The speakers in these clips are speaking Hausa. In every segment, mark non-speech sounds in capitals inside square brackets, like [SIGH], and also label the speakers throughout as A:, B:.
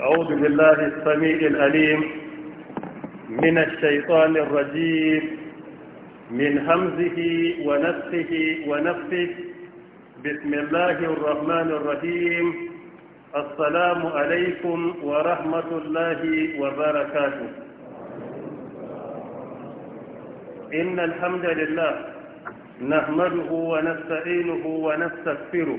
A: أعوذ بالله السميع الأليم من الشيطان الرجيم من همزه ونفسه ونفسه بسم الله الرحمن الرحيم السلام عليكم ورحمة الله وبركاته إن الحمد لله نحمده ونستعينه ونستغفره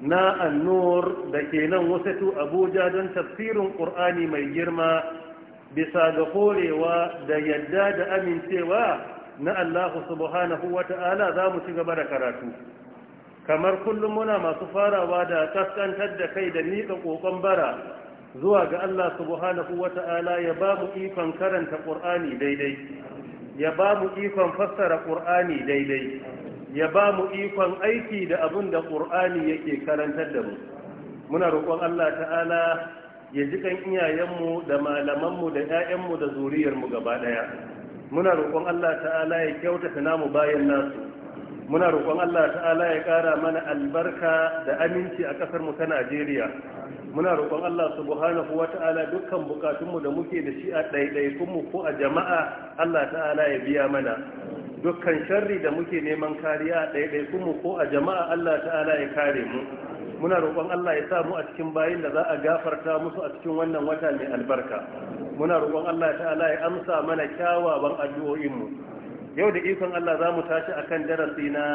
A: na annur da ke nan wasatu abuja don tafsirin ƙur'ani mai girma bisa ga korewa da yadda da amincewa na allahu subhanahu wa ta'ala za mu ci gaba da karatu kamar kullum muna masu farawa da kaskantar da kai da miƙa ƙoƙon bara zuwa ga allah subhanahu wa ta'ala ya ba mu ikon karanta ƙur'ani daidai ya ba mu ikon fassara ƙur'ani daidai ya ba mu ikon aiki da abin da ƙur'ani yake karantar da mu muna roƙon Allah ta'ala ya ji kan iyayenmu da malamanmu da 'ya'yanmu da zuriyarmu gaba ɗaya muna roƙon Allah ta'ala ya kyautata namu bayan nasu muna roƙon Allah ta'ala ya ƙara mana albarka da aminci a ƙasarmu ta Najeriya muna roƙon Allah subhanahu wata'ala dukkan bukatunmu da muke da shi a mu ko a jama'a Allah ta'ala ya biya mana dukkan sharri da muke neman kariya a mu ko a jama'a Allah ta'ala ya kare mu muna roƙon Allah ya sa mu a cikin bayin da za a gafarta musu a cikin wannan wata mai albarka muna roƙon Allah ta'ala ya amsa mana kyawawan addu'o'inmu yau da ikon Allah za mu tashi akan darasi na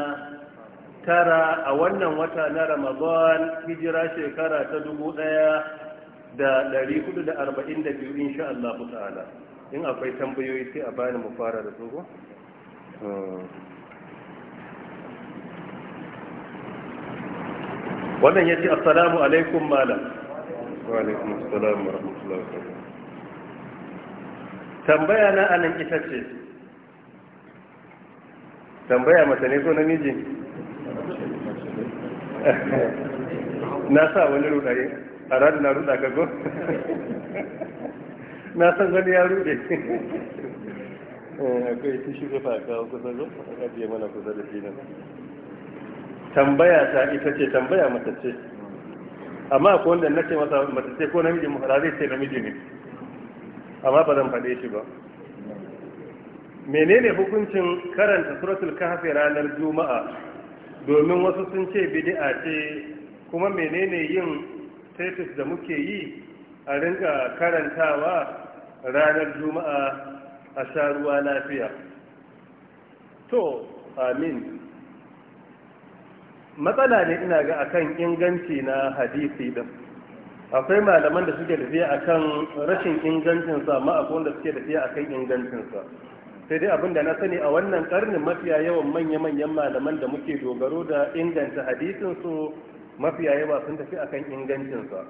A: tara a wannan wata na ramadan hijira shekara ta dubu ɗaya da ɗari da arba'in da biyu insha Allah ta'ala in akwai tambayoyi sai a bani mu fara da su wannan ya assalamu alaikum malam wa alaikum assalam wa rahmatullahi wa barakatuh tambaya na anan ita ce tambaya mata ne so namiji na sa wani rudaye a rada na ruda gago go na san wani ya rude eh, akwai tishu da faka kusa zo a biya mana kusa da shi tambaya ta ita ce tambaya matace, amma ko wanda na ce masa matace ko namiji muhara ce namiji ne amma ba zan faɗe shi ba menene hukuncin karanta suratul kahfi ranar juma'a domin wasu sun ce bid'a ce kuma menene yin status da muke yi a rinka karantawa ranar juma'a a sha ruwa lafiya to amin matsala ne ina ga akan inganci na hadisi din akwai malaman da suke fiye akan rashin ingancinsa amma akwai wanda suke fiye akan ingancinsa sai dai da na sani a wannan karnin mafiya yawan manya-manyan malaman da muke dogaro da inganta hadisinsu su mafiya yawa sun tafi a kan ingancinsa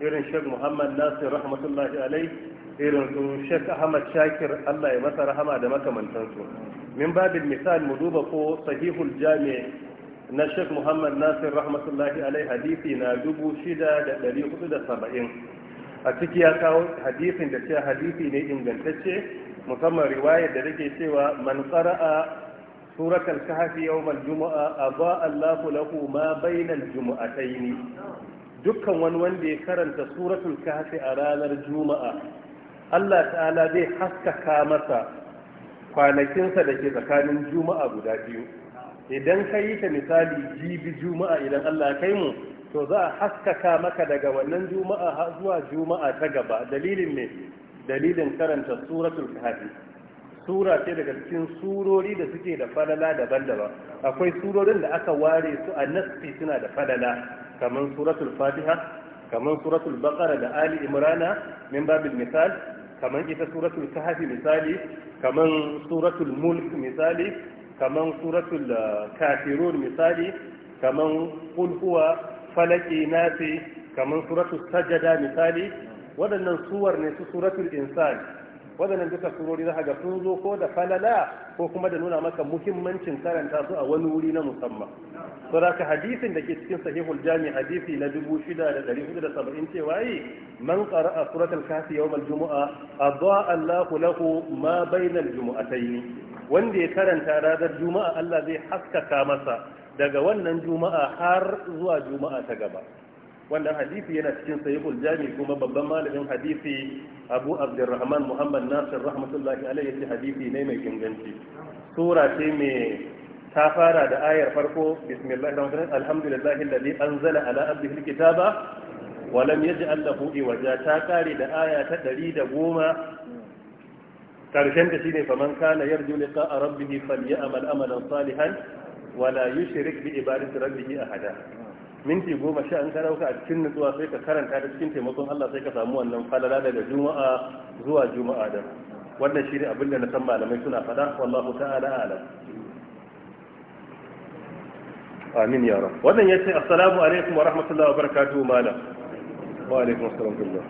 A: irin shek muhammad nasir rahmatullahi alai irin su shek ahmad shakir allah ya masa rahama da makamantansu min babin misal mu duba ko sahihul jami na shek muhammad nasir rahmatullahi alai hadisi na dubu shida da ɗari hudu da saba'in a ciki ya kawo hadisin da ce hadisi ne ingantacce musamman riwayar da take cewa man qara'a surat al Juma'a, yawm al-jumu'a aba Allahu lahu ma bayna al-jumu'atayn dukkan wani wanda ya karanta suratul kahf a ranar juma'a Allah ta'ala zai haskaka masa kwanakinsa da ke tsakanin juma'a guda biyu idan ka yi ta misali jibi juma'a idan Allah ya kai mu to za a haskaka maka daga wannan juma'a zuwa juma'a ta gaba dalilin ne dalilin karanta suratul kahfi sura ce daga cikin surori da suke da falala daban-daban akwai surorin da aka ware su a nasfi suna da falala kamar suratul fatiha kamar suratul baqara da ali imrana min babil misal kamar ita suratul kahfi misali kamar suratul mulk misali kamar suratul eh, kafirun misali kamar qul huwa falaki nasi kamar suratul sajada misali waɗannan suwar ne su suratul insan waɗannan duka surori za ga sun zo ko da falala ko kuma da nuna maka muhimmancin karanta su a wani wuri na musamman to ka hadisin da ke cikin sahihul jami hadisi na 6470 cewa yi man qara'a suratul kafi yawmal jumu'a adha Allahu lahu ma bainal jumu'atayn wanda ya karanta ranar juma'a Allah zai haskaka masa daga wannan juma'a har zuwa juma'a ta gaba Wanda hadisi yana cikin sahihul jami kuma babban malamin hadisi Abu Abdurrahman Muhammad Nasir rahmatullahi alaihi yace hadisi ne mai inganci sura ce mai ta fara da ayar farko bismillahir rahmanir alhamdulillahi alladhi anzala ala abdihi alkitaba wa lam yaj'al lahu iwaja ta kare da aya ta 110 karshen ta shine faman kana yarju liqa'a rabbih falyamal amalan salihan wa la yushrik bi ibadati a ahada minti goma sha in ka dauka a cikin nutsuwa sai ka karanta da cikin taimakon Allah sai ka samu wannan falala daga juma'a zuwa juma'a da wannan shi ne abin da na san malamai suna fada wallahu ta'ala alam amin ya rab wannan yace assalamu alaikum wa rahmatullahi wa barakatuhu malam wa alaikum assalam billah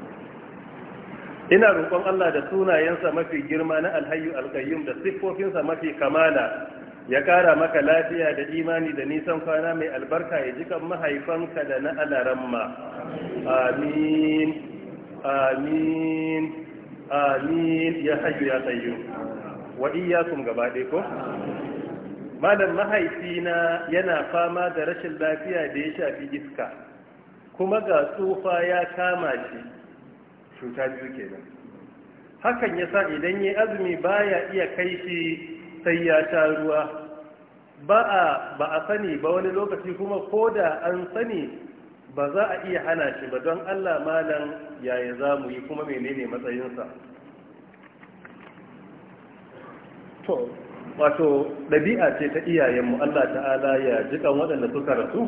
A: ina roƙon Allah da sunayensa mafi girma na alhayyu alqayyum da sifofinsa mafi kamala ya kara maka lafiya da imani da nisan kwana mai albarka ya ji kan mahaifanka da na alaramma amin amin amin ya hajji ya tsayu wa iyakun gaba ɗaya ko malam mahaifina yana fama da rashin lafiya da ya shafi iska kuma ga tsufa ya kama shi cuta biyu kenan hakan sa idan ya azumi baya iya kai shi sai ya sha ruwa ba a ba a sani ba wani lokaci kuma ko da an sani ba za a iya hana shi ba don allah malam yaya za mu yi kuma menene matsayinsa to wato ɗabi'a ce ta iyayenmu allah ta'ala ya jikan waɗanda suka rasu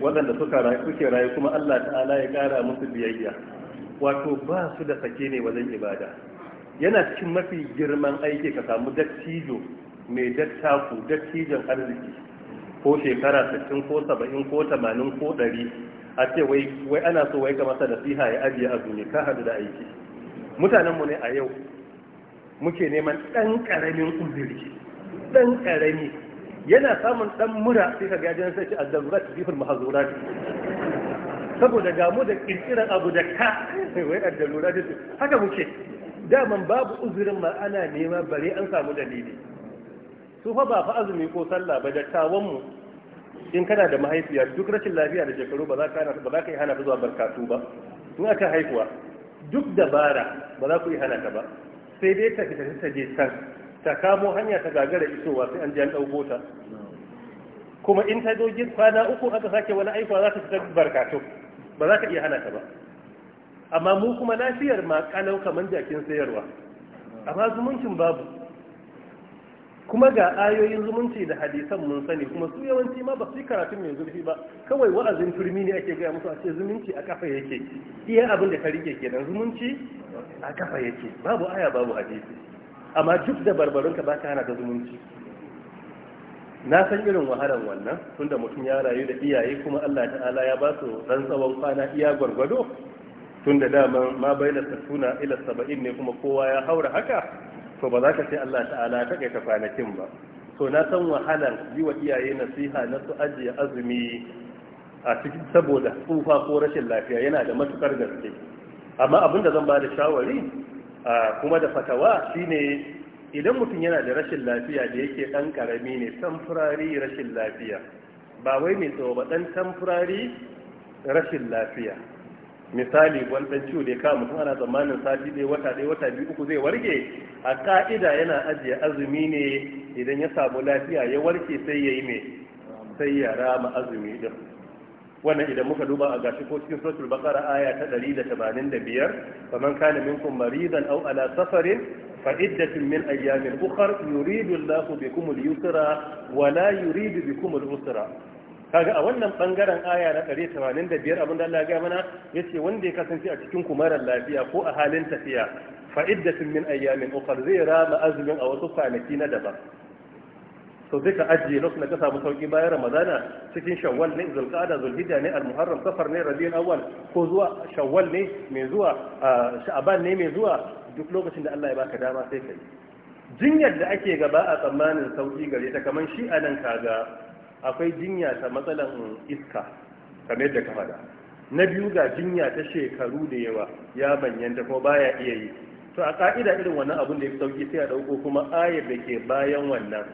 A: waɗanda suka suke rayu kuma allah ta'ala ya ƙara musu biyayya wato ba su da sake ne wajen ibada yana cikin mafi girman aiki ka samu dattijo mai dattaku dattijan arziki ko shekara 60 ko 70 ko 80 ko 100 a ce wai ana so wai ga masa nasiha ya ajiye a duniya ka hadu da aiki mutanenmu ne a yau muke neman ɗan ƙaramin uzuri ɗan ƙarami yana samun ɗan mura sai ka gajiyar sai ce addazurat bihul mahazurat saboda gamu da kirkiran abu da ka wai addazurat haka muke daman babu uzurin ma ana nema bare an samu dalili su fa ba fa azumi ko sallah ba dattawan mu in kana da mahaifiya duk rashin lafiya da shekaru ba za ka ba za ka yi hana zuwa barkatu ba in aka haihuwa duk dabara ba za ku yi hana ta ba sai dai ta fita ta je can ta kamo hanya ta gagara isowa sai an ji an ɗauko ta kuma in ta zo kwana uku aka sake wani aikuwa za ta fita barkatu ba za ka iya hana ta ba amma mu kuma lafiyar ma kalau kamar jakin sayarwa amma zumuncin babu kuma ga ayoyin zumunci da hadisan mun sani kuma su yawanci ma ba su yi karatun mai zurfi ba kawai wa'azin turmi ne ake gaya musu a ce zumunci a kafa yake iya abin da ka rike kenan zumunci a kafa yake babu aya babu hadisi amma duk da barbarun ka baka hana da zumunci na san irin wahalar wannan tunda mutum ya rayu da iyaye kuma Allah ta'ala ya ba su dan tsawon kwana iya gwargwado tunda dama ma bai da tsuna ila saba'in ne kuma kowa ya haura haka to ba za ka ce Allah ta'ala ta kai ta kwanakin ba to na san wahalan yi wa iyaye nasiha na su ajiye azumi a cikin saboda tsufa ko rashin lafiya yana da matukar gaske amma abin da zan ba da shawari kuma da fatawa shine idan mutum yana da rashin lafiya da yake ɗan karami ne tamfurari rashin lafiya ba wai mai tsawo ba dan tamfurari rashin lafiya misali wani dan ciwo da ya kama mutum ana tsammanin sati ɗaya wata ɗaya wata biyu uku zai warke a ka'ida yana ajiye azumi ne idan ya samu lafiya ya warke sai ya yi mai, sai ya rama azumi din wannan idan muka duba a gashi ko cikin suratul baqara aya ta 185 faman kana minkum maridan aw ala safarin fa iddatun min ayyamin ukhra yuridu Allahu bikum al-yusra wa la yuridu bikum al-usra kaga a wannan bangaren aya na 185 abin da Allah ya ga mana yace wanda ya kasance a cikin ku marar lafiya ko a halin tafiya fa iddatun min ayyamin ukhra zai rama azumin a wasu kwanaki na daba to ka ajiye lokacin da ka samu sauki bayan ramadana cikin shawwal ne zulqa'ada zulhijja ne almuharram safar ne rabiul awwal ko zuwa shawwal ne mai zuwa sha'ban ne mai zuwa duk lokacin da Allah ya baka dama sai kai jinyar da ake gaba a tsammanin sauki gare ta kaman shi anan kaga akwai jinya ta matsalan iska kamar da ka fada na biyu ga jinya ta shekaru da yawa ya manyanta kuma baya iya yi to a ka'ida irin wannan abun da ya fi sauki sai a ɗauko kuma ayar da ke bayan wannan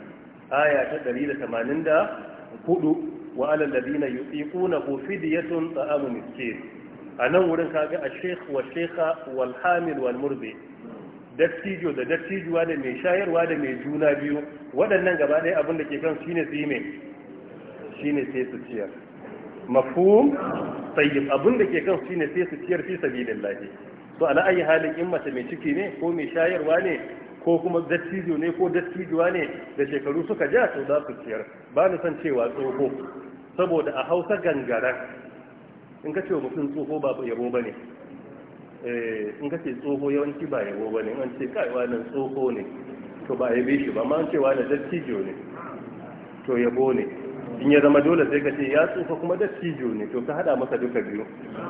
A: aya ta 184 wa alal ladina yutiquna hu fidyatun ta'amu miskin a nan wurin kaga a sheikh wa sheikha wal hamil wal murdi dattijo da dattijuwa da mai shayarwa da mai juna biyu waɗannan gaba ɗaya abin da ke kan shine su yi mai shine sai su ciyar mafhum tayyib abin da ke kan shine sai su ciyar fi sabilillah to ala ayi halin in mace mai ciki ne ko mai shayarwa ne ko kuma dattijo ne ko dattijuwa ne da shekaru suka ja to za su ciyar ba ni san cewa tsoho saboda a hausa gangara in ka ce wa mutum tsoho ba yabo ba ne eh, in ka ce tsoho yawanci ba yabo ba ne an ce kai wannan tsoho ne to ba yabe shi ba ma an ce wani dattijo ne to yabo ne in ya zama dole sai ka ce ya tsufa kuma dattijo ne to ka hada masa duka biyu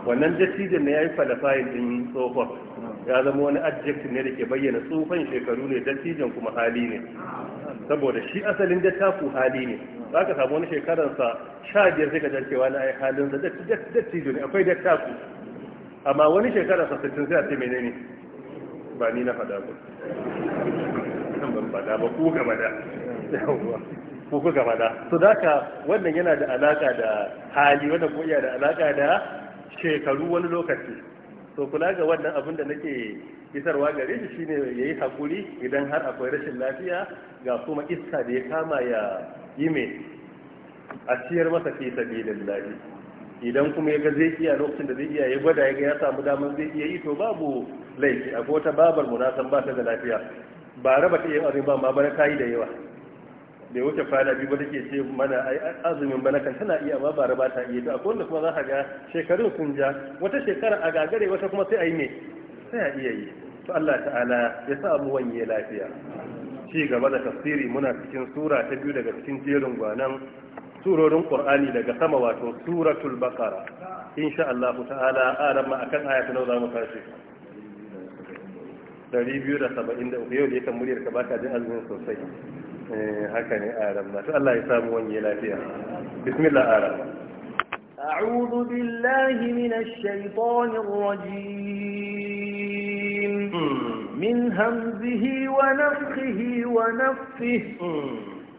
A: wannan dattijon ne ya yi falafayin din tsofa ya zama wani adjective ne da ke bayyana tsufan shekaru ne dattijon kuma hali ne saboda shi asalin dattaku hali ne za ka samu wani shekaransa sha biyar sai ka jan cewa na ai halinsa dattijo ne akwai dattaku amma wani shekararsa sittin sai a ce menene ba ni na fada ba ban faɗa ba ku gaba da yawwa ko kuka faɗa to daka wannan yana da alaka da hali wannan ko da alaka da shekaru wani lokaci to kula ga wannan abin da nake isarwa gare shi shine yayi hakuri idan har akwai rashin lafiya ga kuma iska da ya kama ya yi mai a ciyar masa fi sabilillahi idan kuma ya ga zai iya lokacin da zai iya ya gwada ya ga ya samu damar zai iya yi to babu laifi akwai wata babar mu na san ba ta da lafiya ba raba ta yin abin ba ma bana ta yi da yawa da wuce kwana biyu ba take ce mana ai azumin bana kan tana iya amma bara ba ta iya to akwai wanda kuma za ka ga shekarun sun ja wata shekara a gagare wata kuma sai a yi ne sai a iya yi to Allah ta'ala ya sa mu wanye lafiya ci gaba da tafsiri muna cikin sura ta biyu daga cikin jerin gwanan surorin Qur'ani daga sama wato suratul baqara insha Allah ta'ala aran ma akan ayatu nau za mu tashi 273 yau da kan muryar ka baka jin azumin sosai Eh, haka ne aram na Allah ya samu wani lafiya bismillah aram
B: أعوذ بالله من الشيطان الرجيم من همزه ونفخه ونفه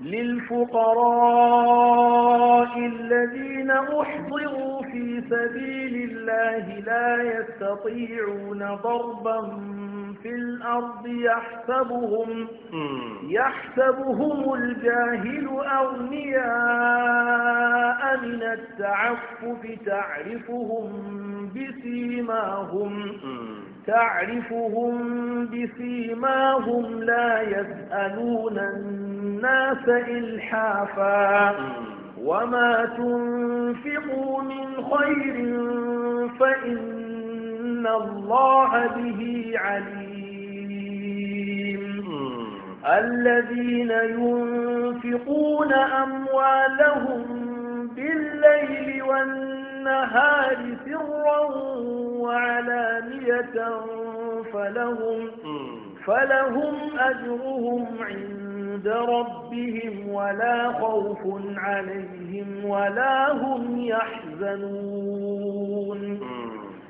B: للفقراء الذين أحضروا في سبيل الله لا يستطيعون ضربا في الأرض يحسبهم يحسبهم الجاهل أغنياء من التعفف تعرفهم بسيماهم تعرفهم بسيماهم لا يسألون الناس إلحافا وما تنفقوا من خير فإن إن الله به عليم الذين ينفقون أموالهم بالليل والنهار سرا وعلانية فلهم فلهم أجرهم عند ربهم ولا خوف عليهم ولا هم يحزنون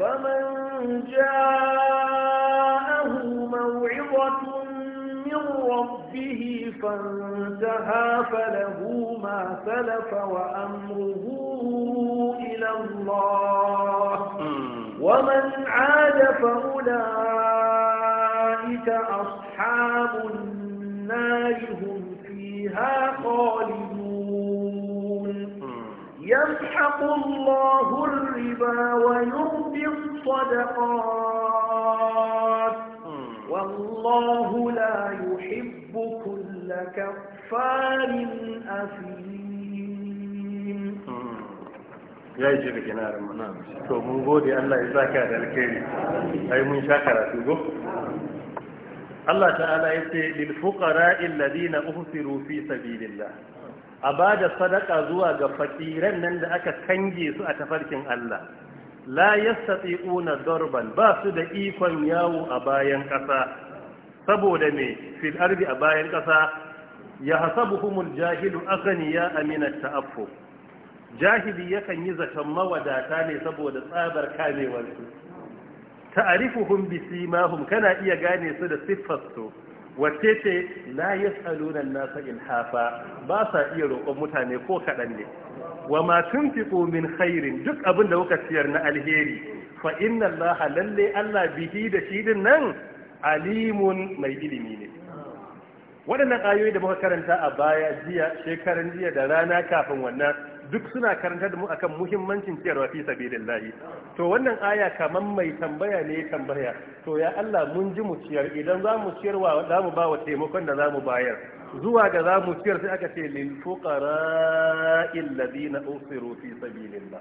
B: فمن جاءه موعظة من ربه فانتهى فله ما سلف وأمره إلى الله ومن عاد فأولئك أصحاب النار هم فيها خالدون يمحق الله الربا ويربي الصدقات والله لا يحب كل كفار أثيم
A: يا جيب كنار منام تو من قول يا الله إذا كان الكريم أي من شاكرة تقول نعم. الله تعالى يبتي للفقراء الذين أخسروا في سبيل الله a ba da sadaka zuwa ga fakiran nan da aka kange su a tafarkin Allah la yastati'una darban ba su da ikon yawo a bayan ƙasa saboda me fil ardi a bayan ƙasa ya hasabuhumul jahilu aghniya amina ta'affu jahili yakan yi zaton mawadata ne saboda tsabar kamewarsu ta'arifuhum bisimahum kana iya gane su da siffarsu wacce ce la yi an-nasa ilhafa ba sa iya roƙon mutane ko kaɗan ne wa ma tunfiqu min khairin duk abin da kuka siyar na alheri fa inna allaha lalle allah bihi da shi din nan alimun mai ilimi ne waɗannan ayoyi da muka karanta a baya jiya shekaran jiya da rana kafin wannan duk suna karanta da mu akan muhimmancin ciyarwa fi sabilillah to wannan aya kaman mai tambaya ne tambaya to ya Allah mun ji mu ciyar idan za mu ciyarwa zamu mu ba wa taimakon da za mu bayar zuwa ga za mu ciyar sai aka ce lil fuqara alladhina usiru fi sabilillah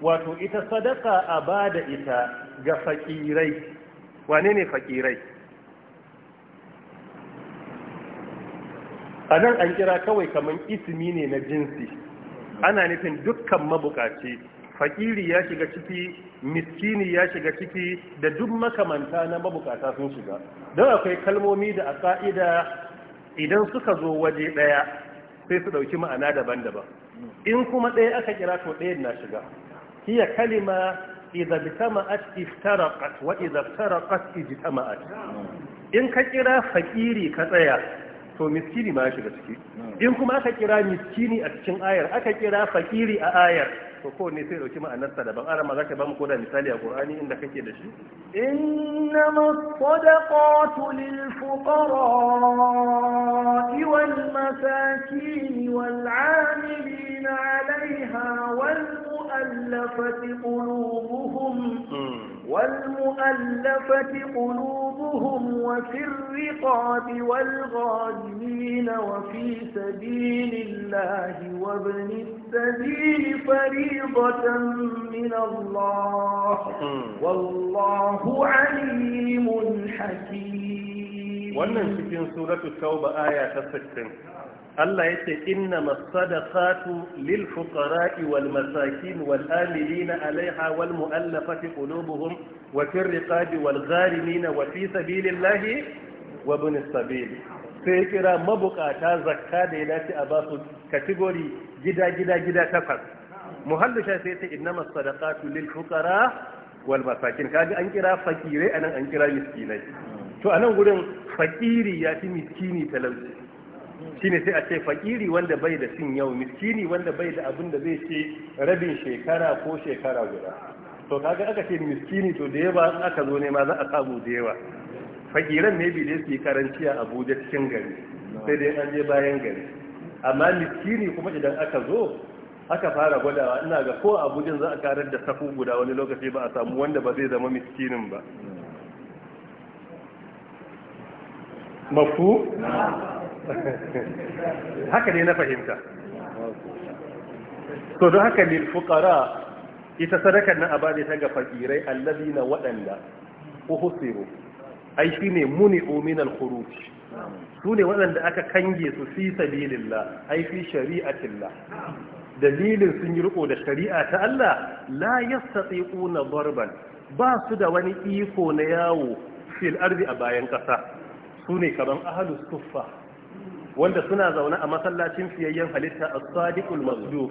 A: wato ita sadaka a bada ita ga fakirai wane ne fakirai a nan an kira kawai kaman ismi ne na jinsi ana nufin dukkan mabukaci fakiri ya shiga ciki miskini ya shiga ciki da duk makamanta na mabukata sun shiga don akwai kalmomi da a ka'ida idan suka zo waje ɗaya sai su ɗauki ma'ana daban-daban in kuma ɗaya aka kira to ɗaya na shiga hiya kalima idza bitama'at iftaraqat wa idza iftaraqat ijtama'at in ka kira fakiri ka tsaya to miskini ma shiga ciki in kuma aka kira miskini a cikin ayar aka kira fakiri a ayar to ko ne sai dauki ma'anar sa daban arama zaka ba mu koda misali a Qur'ani inda kake da shi
B: innamas sadaqatu lil fuqara wal masakin wal 'amilina 'alayha wal والمؤلفة قلوبهم والمؤلفة قلوبهم وفي الرقاب والغازلين وفي سبيل الله وابن السبيل فريضة من الله والله عليم حكيم
A: wannan cikin سورة التوبة آية 60 Allah yake inna masadaqatu lil fuqara'i wal masakin wal amilina 'alayha wal mu'allafati qulubuhum wa fir riqabi wal gharimina wa fi sabilillahi wa ibn sabil sai kira mabukata zakka da ya dace a ba su gida gida gida takwas muhallisha sai ta inna masadaqatu lil fuqara wal masakin kaji an kira fakire anan an kira miskinai to anan gurin fakiri ya fi miskini talauci shine sai a ce fakiri wanda bai da sin yau miskini wanda bai da abin da zai ce rabin shekara ko shekara guda to kaga aka ce miskini to da yawa aka zo ne ma za a samu da yawa Faƙiran ne bi da su yi karanci a abuja cikin gari sai dai an je bayan gari amma miskini kuma idan aka zo aka fara gwadawa ina ga ko abuja za a karar da safu guda wani lokaci ba a samu wanda ba zai zama miskinin ba mafu [LAUGHS] haka ne na fahimta to don haka ne fukara ita sadakar na abadi ta ga fakirai na waɗanda uhsiru ai ne muni min al su ne waɗanda aka kange su fi sabilillah ai fi la. dalilin sun yi riko da shari'a ta Allah la na barban ba su da wani iko na yawo fil arzi a bayan ƙasa. su ne kamar ahlus suffa wanda suna zaune a masallacin fiyayyen halitta a sadiqul masduq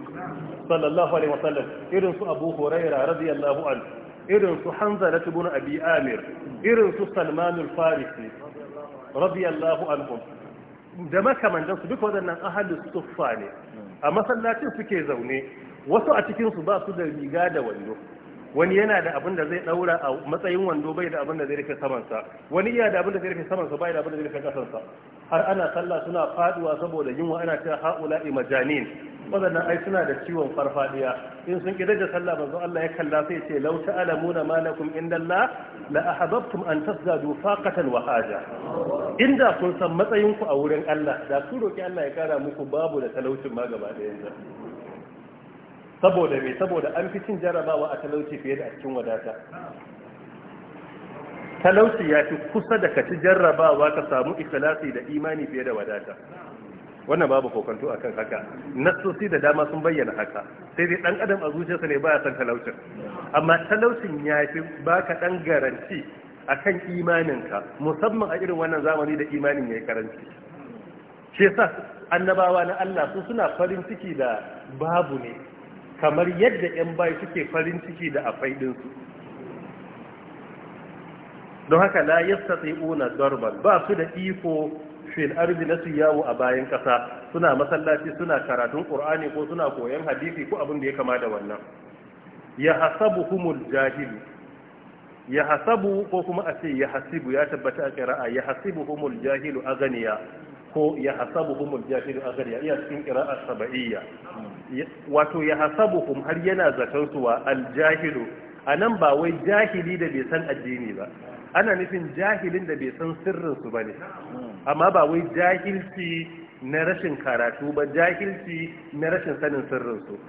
A: sallallahu alaihi wasallam irin su abu huraira radiyallahu an irin su na ibn abi amir irin su salman farisi radiyallahu anhum da makamantan su duka waɗannan ahalus suffa ne a masallacin suke zaune wasu a cikin su ba su da riga da wando wani yana da abin da zai daura a matsayin wando bai da abin da zai rufe samansa wani iya da abin da zai rufe samansa bai da abin da zai rufe kasansa har ana sallah suna faduwa saboda yunwa ana cewa haula imajanin wadannan ai suna da ciwon farfadiya in sun kidar da sallah manzo Allah ya kalla sai ce law ta'lamuna ma lakum indallah la ahabbtum an tasdadu faqatan wa haja inda kun san matsayin ku a wurin Allah da kun roki Allah ya kara muku babu da talaucin ma gaba yanzu saboda me saboda an fi cin jarabawa a talauci fiye da a cikin wadata talauci ya fi kusa da kaci jarrabawa ka samu ikhlasi da imani fiye da wadata wannan babu kokonto akan haka nassosi da dama sun bayyana haka sai dai dan adam a zuciyarsa ne baya son talaucin amma talaucin ya fi baka dan garanti akan imaninka musamman a irin wannan zamani da imanin ya yi karanci shi yasa annabawa na Allah su suna farin ciki da babu ne kamar yadda 'yan bayi suke farin ciki da afai ɗinsu don haka la yastati una darban ba su da iko fil arzi na su yawo a bayan ƙasa, suna masallaci suna karatun Ƙur'ani, ko suna koyon hadisi ko abin da ya kama da wannan ya hasabu humul jahil ya hasabu ko kuma a ce ya hasibu ya tabbata a kira'a ya hasibu humul jahilu ganiya. ko ya hasabu hasabuhum al-jahilu ya iya cikin qira'a sab'iyya wato ya hasabu hum har yana zaton su wa al anan ba wai jahili da bai san addini ba ana nufin jahilin da bai san sirrin su bane amma ba wai jahilci na rashin karatu ba jahilci na rashin sanin sirrin su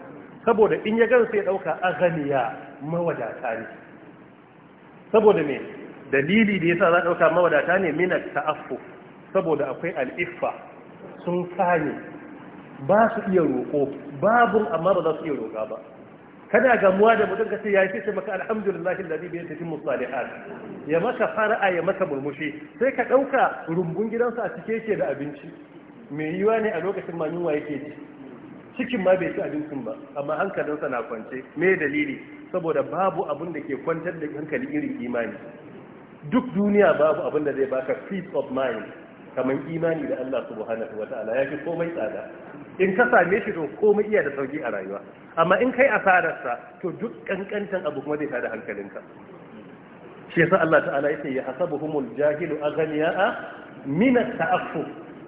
A: saboda in ya gan sai dauka aghniya mawadata ne saboda me dalili da yasa za dauka mawadata ne min ta'affuf saboda akwai al'iffa sun sani ba su iya roƙo babu amma ba za su iya roƙa ba kana gamuwa da mutum ka ce ya ce maka alhamdulillah alladhi bi musali a ya maka fara'a ya maka murmushi sai ka ɗauka rumbun gidansa a cike yake da abinci me yiwa ne a lokacin ma yunwa yake ci? cikin ma bai ci abincin ba amma hankalinsa na kwance me dalili saboda babu abin da ke kwantar da hankali irin imani duk duniya babu abin da zai baka peace of mind kamar imani da Allah subhanahu wataala ya fi komai tsada in ka same shi to komai iya da sauki a rayuwa amma in kai asararsa to duk kankantan abu kuma zai tada hankalinka shi yasa Allah ta'ala yace ya hasabuhumul jahilu aghniya'a min at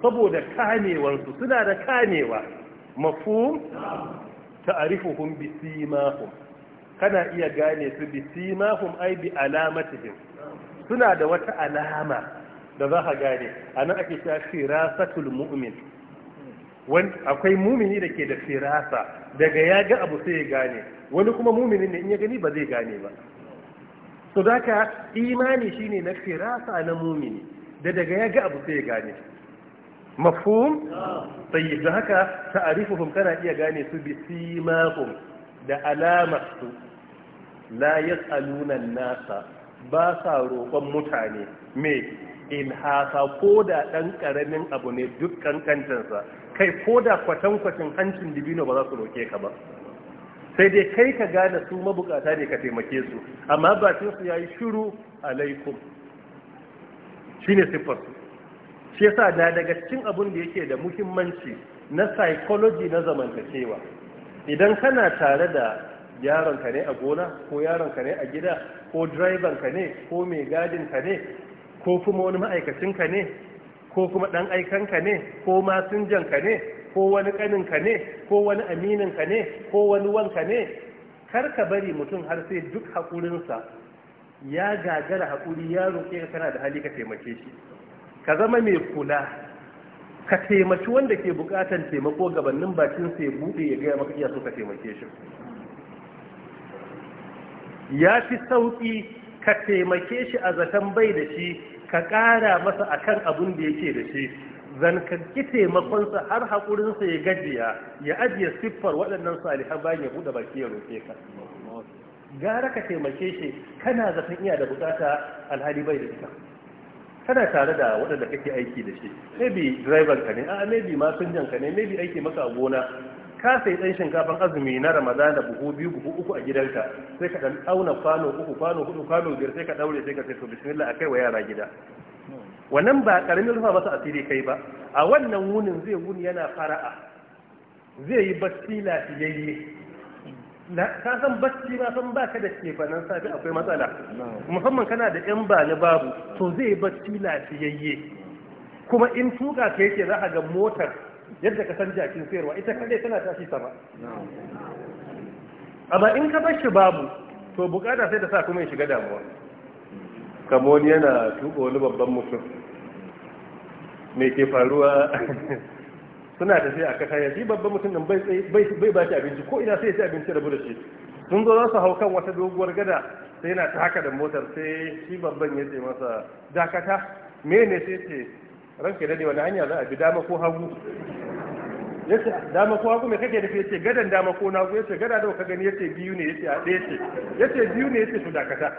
A: saboda kamewar su suna da kamewa mafhum ta'rifuhum bi simahum kana iya gane su bi simahum ai bi alamatihim suna da wata alama da za ka gane a nan ake cewa firasatul mu'min akwai mumini da ke da firasa daga ya ga abu sai ya gane wani kuma muminin ne in ya gani ba zai gane ba so daga imani shine na firasa na mumini da daga ya ga abu sai ya gane mafhum sai da haka ta'arifuhum kana iya gane su bi simahum da alamatu la yas'aluna nasa ba sa roƙon mutane me In hasa ko da ɗan ƙaramin abu ne duk kankancinsa kai ko da kwatankwacin hancin dibino ba za su roke ka ba sai dai kai ka gane su mabukata ne ka taimake su amma sai su yayi shiru alaikum ne siffar su shi yasa na daga cikin abun da yake da muhimmanci na psychology na zamantakewa idan kana tare da yaronka ne a gona ko yaronka ne a gida ko driver ka ne ko mai gadin ka ne ko kuma wani ma'aikacinka ne ko kuma ɗan aikanka ne ko masinjanka ne ko wani ƙaninka ne ko wani ka ne ko wani wanka ne kar ka bari mutum har sai duk haƙurinsa ya gagara haƙuri ya roƙe ka kana da hali ka taimake shi ka zama mai kula ka taimaki wanda ke buƙatar taimako gabanin bakin ya buɗe ya gaya maka iya so ka taimake shi ya fi sauƙi ka taimake shi a zaton bai da shi ka ƙara masa a kan abin da yake da shi zan ka ƙi taimakonsa har haƙurinsa ya gajiya ya ajiye siffar waɗannan salihan bayan ya buɗe baki ya roƙe ka gara ka taimake shi kana zaton iya da buƙata alhali bai da ita kana tare da waɗanda kake aiki da shi maybe driver ka ne a maybe masinjan ka ne maybe aiki maka a gona ka sai shinkafar shinkafan azumi na ramadan da buhu biyu buhu uku a gidanka sai ka ɗan auna kwano uku kwano hudu kwano biyar sai ka ɗaure sai ka sai to bismillah a kai wa yara gida wannan ba ƙaramin rufa masa asiri kai ba a wannan wunin zai wuni yana fara'a zai yi bacci lafiyayye ka san bacci ma san baka da kefanan safi akwai matsala musamman kana da yan bani babu to zai yi bacci lafiyayye kuma in tuka ka yake za a ga motar yadda ka san jakin sayarwa ita kadai tana tashi sama amma in ka bar shi babu to bukata sai ta sa kuma ya shiga damuwa kamar wani yana tuko wani babban mutum Me ke faruwa [LAUGHS] suna tafiya a kasa yanzu babban mutum nan bai ba shi abinci ko ina sai ya ci abinci rabu da shi sun zo za su hau kan wata doguwar gada sai yana ta haka da motar sai shi babban ya ce masa dakata mene sai ce ranke da ne wani hanya za a bi dama ko hagu yace dama kowa kuma kake da yace gadan dama ko na yace gada da ka gani yace biyu ne yace a ɗaya ce yace biyu ne yace to dakata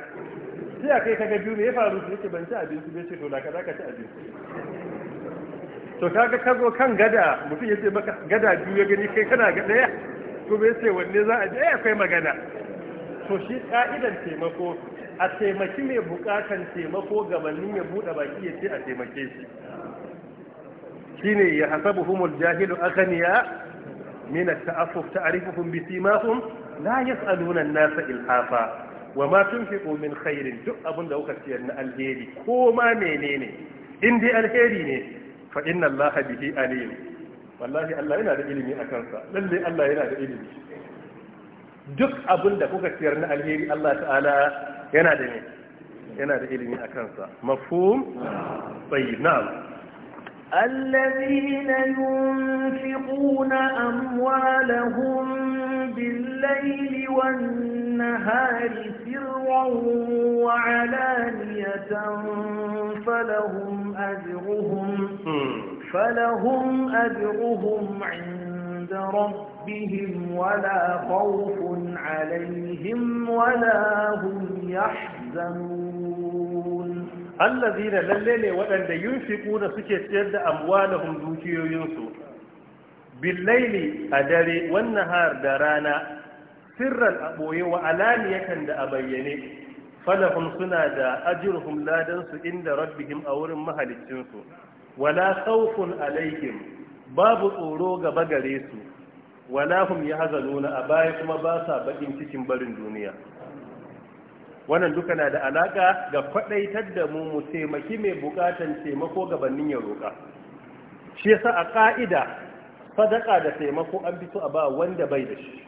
A: sai a kai kaga biyu ne ya faru yace ban ci abinci yace to dakata ka ci abinci to kaga ka zo kan gada mutum yace maka gada biyu ya gani kai kana ga daya to bai yace wanne za a je eh, akwai magana to shi ka'idan taimako a taimaki mai bukatan taimako gabanin ya bude baki ya ce a taimake shi shine ya hasabu hasabuhumul jahilu aghniya min at-ta'affuf ta'rifuhum bi simahum la yas'aluna an-nasa ilhafa wa ma tunfiqu min khairin duk abin da kuka ciyar na alheri ko ma menene in dai alheri ne fa inna Allah bihi alim wallahi Allah yana da ilimi a kansa lalle Allah yana da ilimi duk abin da kuka ciyar na alheri Allah ta'ala yana da ne yana da ilimi a kansa mafhum tayyib na'am
B: الذين ينفقون أموالهم بالليل والنهار سرا وعلانية فلهم أجرهم فلهم أجرهم عند ربهم ولا خوف عليهم ولا هم يحزنون
A: allazina lalle ne waɗanda yunfiquna suke ciyar da da dukiyoyinsu billaili a dare wannan har da rana sirran a ɓoye wa yakan da a bayyane falahum suna da ajirhum ladansu inda rabbihim a wurin mahalicinsu wala saufun alaihim babu tsoro gaba gare su wala hum nuna, a baya kuma ba sa baƙin cikin barin duniya wannan duka na da alaka ga kwadaitar da mu mu taimaki mai bukatan taimako gabanin ya roƙa shi yasa a ka'ida sadaka da taimako an fito a ba wanda bai da shi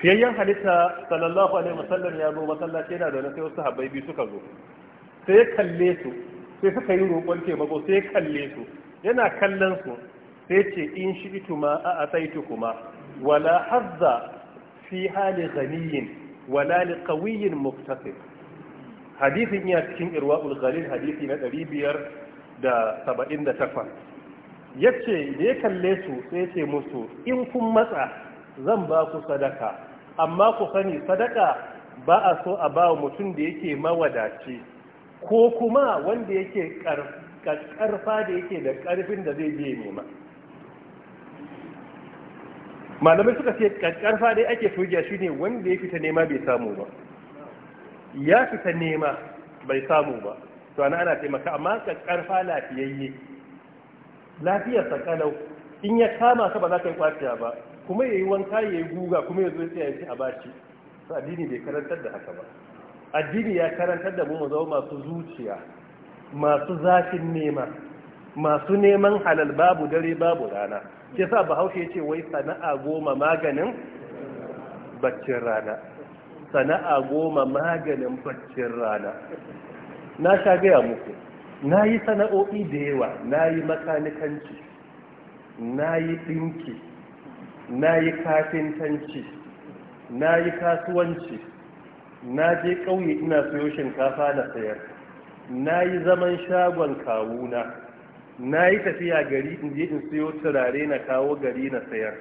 A: fiyayyen halitta sallallahu alaihi wasallam ya zo masallaci yana da nasarar wasu habbai biyu suka zo sai kalle su sai suka yi roƙon taimako sai kalle su yana kallon su sai ce in shi ituma a asaitu kuma wala hazza fi hali ghaniyin wala li qawiyyin muktasib hadisin ya cikin irwaul ghalil hadisi na 578 yace da ya kalle su sai ya ce musu in kun matsa zan ba ku sadaka amma ku sani sadaka ba a so a ba mutum da yake mawadaci ko kuma wanda yake karfa da yake da karfin da zai je nema malamai suka ce karfa dai ake soja shi ne wanda ya fita nema bai samu ba ya fita nema bai samu ba to ana ana taimaka amma karfa lafiyayye Lafiyar sakalau in ya kama ka ba za ka yi kwaciya ba kuma ya yi wanka ya yi guga kuma ya zo ya tsaya a baci to addini bai karantar da haka ba addini ya karantar da mu mu zama masu zuciya masu zafin nema masu neman halal babu dare babu rana ke sa bahaushe ya ce wai sana'a goma maganin baccin rana sana'a goma maganin baccin rana na sha gaya muku na yi sana'o'i da yawa na yi makanikanci na yi ɗinki na yi kafintanci na yi kasuwanci na je ƙauye ina soyoshin shinkafa na sayar na yi zaman shagon kawuna na yi tafiya gari in je in siyo turare na kawo gari na sayar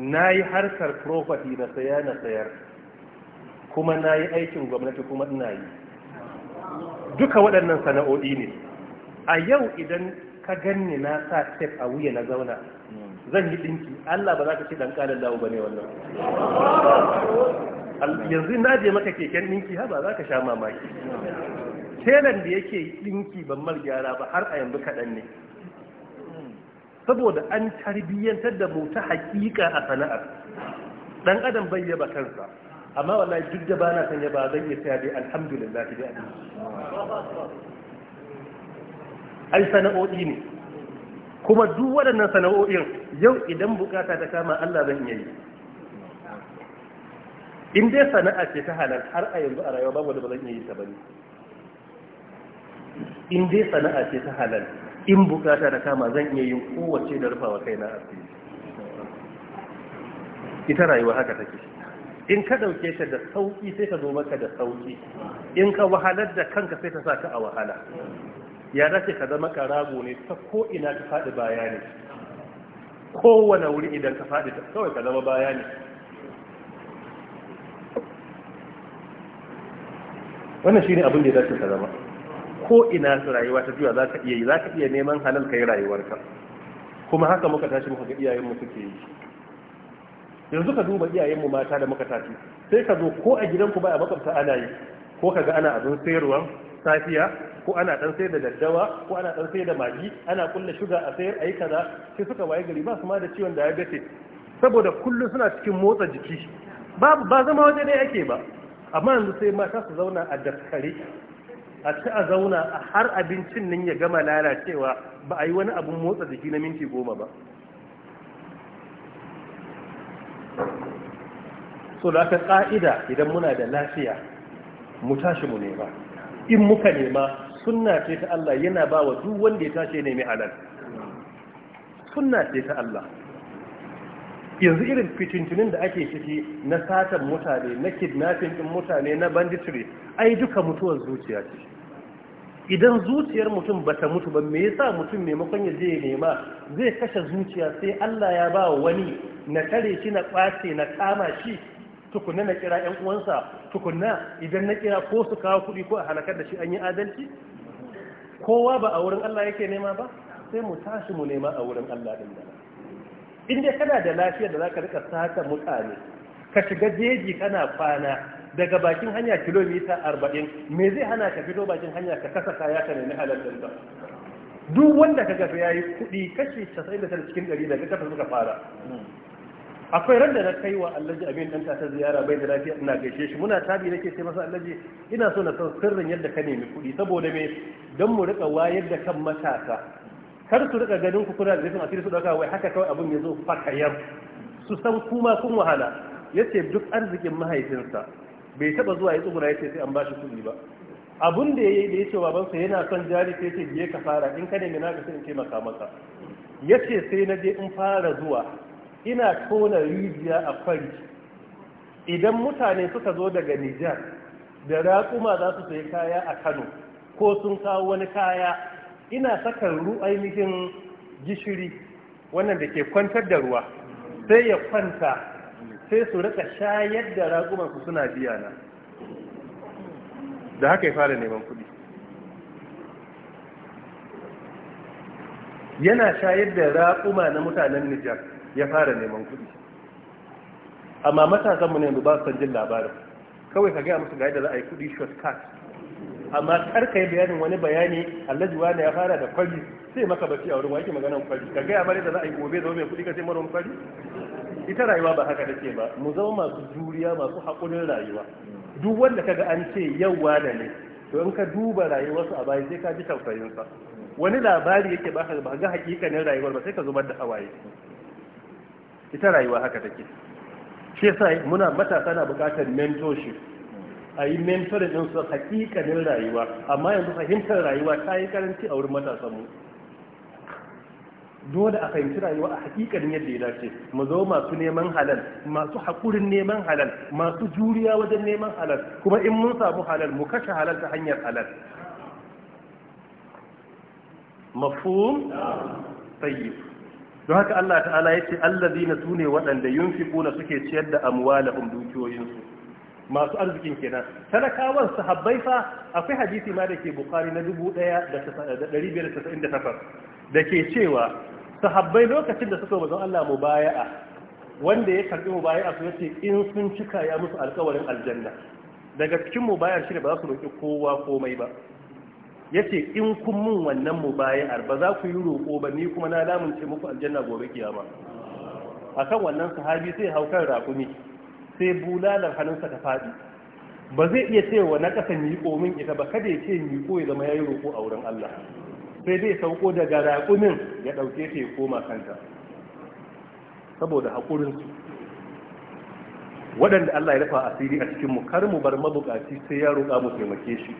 A: na yi harkar property na saya na sayar kuma na yi aikin gwamnati kuma ina yi duka waɗannan sana'o'i ne a yau idan ka ganni na sa tef a wuya na zauna zan yi ɗinki allah ba za ka ce ɗan ƙalin lawo ba ne wannan yanzu na je maka keken ɗinki ha ba za ka sha mamaki telan da yake ɗinki ban mal gyara ba har a yanzu kaɗan ne saboda an tarbiyyantar da mu ta hakika a sana'ar dan adam bai yaba kansa amma wallahi duk da bana san yaba zan yi sai dai alhamdulillah dai abin ai sana'o'i ne kuma duk waɗannan sana'o'in yau idan bukata ta kama Allah zan iya yi in dai sana'a ce ta halal har a yanzu a rayuwa babu da ba zan iya yi ta bane in dai sana'a ce ta halal in bukata da kama zan iya yin kowace da rufawa kaina asiri ita rayuwa haka take in ka dauke ka da sauki sai ka zo maka da sauki in ka wahalar da kanka sai ta sa ka a wahala ya dace ka zama karago ne ta ko ina ka faɗi baya ne kowane wuri idan ka faɗi kawai ka zama baya ne wannan shine abin da ya dace ka zama ko ina rayuwa ta juya zaka iya yi zaka iya neman halal kai rayuwarka kuma haka muka tashi muka ga iyayen mu suke yi yanzu ka duba iyayen mu mata da muka tashi sai ka zo ko a gidanku ba a makwabta ana yi ko ka ga ana abin sayarwa safiya ko ana dan sayar da daddawa ko ana dan sayar da magi ana kulle shuga a sayar ayi kaza sai suka waye gari ba su ma da ciwon diabetes saboda kullum suna cikin motsa jiki babu ba zama waje ne ake ba amma yanzu sai mata su zauna a daskare a ci a zauna a har abincin nan ya gama lalacewa ba a yi wani abin motsa jiki na minti goma ba so da aka ƙa'ida idan muna da lafiya mu tashi mu nema in muka nema suna ce ta Allah yana ba wa duk wanda ya tashi nemi halal suna ce ta Allah yanzu irin fitintunin da ake ciki na satan mutane na kidnapping din mutane na banditry ai duka mutuwar zuciya ce idan zuciyar mutum bata mutu ba me yasa mutum maimakon ya je ya nema zai kashe zuciya sai Allah ya ba wani na tare shi na kwace na kama shi tukunna na kira ƴan uwansa tukunna idan na kira ko su kawo kuɗi ko a halakar da shi an yi adalci kowa ba a wurin Allah yake nema ba sai mu tashi mu nema a wurin Allah din nan in dai kana da lafiya da zaka rika saka mutane ka shiga jeji kana kwana daga bakin hanya kilomita arba'in me zai hana ka fito bakin hanya ka kasa kaya ka nemi halalin ba duk wanda ka gafe ya yi kuɗi kashi da cikin ɗari daga kafa suka fara akwai randa na kai wa allaji amin ɗan ta ziyara bai da lafiya ina gaishe shi muna tabi nake ce masa allaji ina so na san sirrin yadda ka nemi kuɗi saboda me don mu rika wayar da kan matasa kar su rika ganin ku kuna da zafin asiri su ɗauka wai haka kawai abin ya zo fakayar su san kuma kun wahala ya ce duk arzikin mahaifinsa bai taba zuwa ya tsugura ya ce sai an ba shi kuɗi ba abun da yayi da yace babansa yana son jari sai ce biye ka fara in ka nemi naka sai in taimaka maka ya ce sai na je in fara zuwa ina tona rijiya a fari. idan mutane suka zo daga nijar da raƙuma za su sayi kaya a kano ko sun kawo wani kaya ina saka ainihin gishiri wannan da ke kwantar da ruwa sai ya kwanta sai su rika shayar da raguman su suna biya na da haka ya fara neman kuɗi yana shayar da raƙuma na mutanen Nijar ya fara neman kuɗi amma matasan mu ne ba su san jin labarin kawai ka gaya musu gaida za a yi kuɗi shortcut amma kar ka yi bayanin wani bayani allaji wani ya fara da kwari sai maka baki a wurin wake maganan kwari ka gaya bari da za a yi gobe zama mai kuɗi ka sai marar kwari ita rayuwa ba haka take ba mu zama masu juriya masu haƙurin rayuwa duk wanda kaga an ce yauwa da ne to in ka duba rayuwarsu a baya sai ka ji tausayinsa wani labari yake ba ka ga hakikanin rayuwar ba sai ka zubar da hawaye ita rayuwa haka take shi yasa muna matasa na buƙatar mentorship a yi mentoring din su hakikanin rayuwa amma yanzu fahimtar rayuwa ta yi karanci a wurin matasanmu dole a fahimci rayuwa a hakikanin yadda ya dace mu zo masu neman halal masu hakurin neman halal masu juriya wajen neman halal kuma in mun samu halal mu kashe halal ta hanyar halal mafhum tayyib don haka Allah ta'ala yace allazina sune waɗanda yunfiquna suke ciyar da amwalahum dukiyoyinsu masu arzikin kenan talakawan sahabbai fa akwai hadisi ma da ke bukari na 1598 da ke cewa sahabbai lokacin da suka mazan Allah mu baya'a, wanda ya karbi baya'a su yace in sun cika ya musu alƙawarin aljanna daga cikin mubayar shi ne ba za su roƙi kowa komai ba yace in kun mun wannan mu baya'ar ba za ku yi roƙo ba ni kuma na lamunce muku aljanna gobe kiyama akan wannan sahabi sai hau kan rakumi sai bulalar hannunsa ta faɗi ba zai iya cewa na ƙasa miƙo min ita ba kada ya ce miƙo ya zama ya yi roƙo a wurin Allah sai dai sauko daga raƙumin ya ɗauke ta ya koma kanta saboda haƙurinsu waɗanda Allah ya rufa asiri a cikinmu kar mu bar mabukaci sai ya roƙa mu taimake shi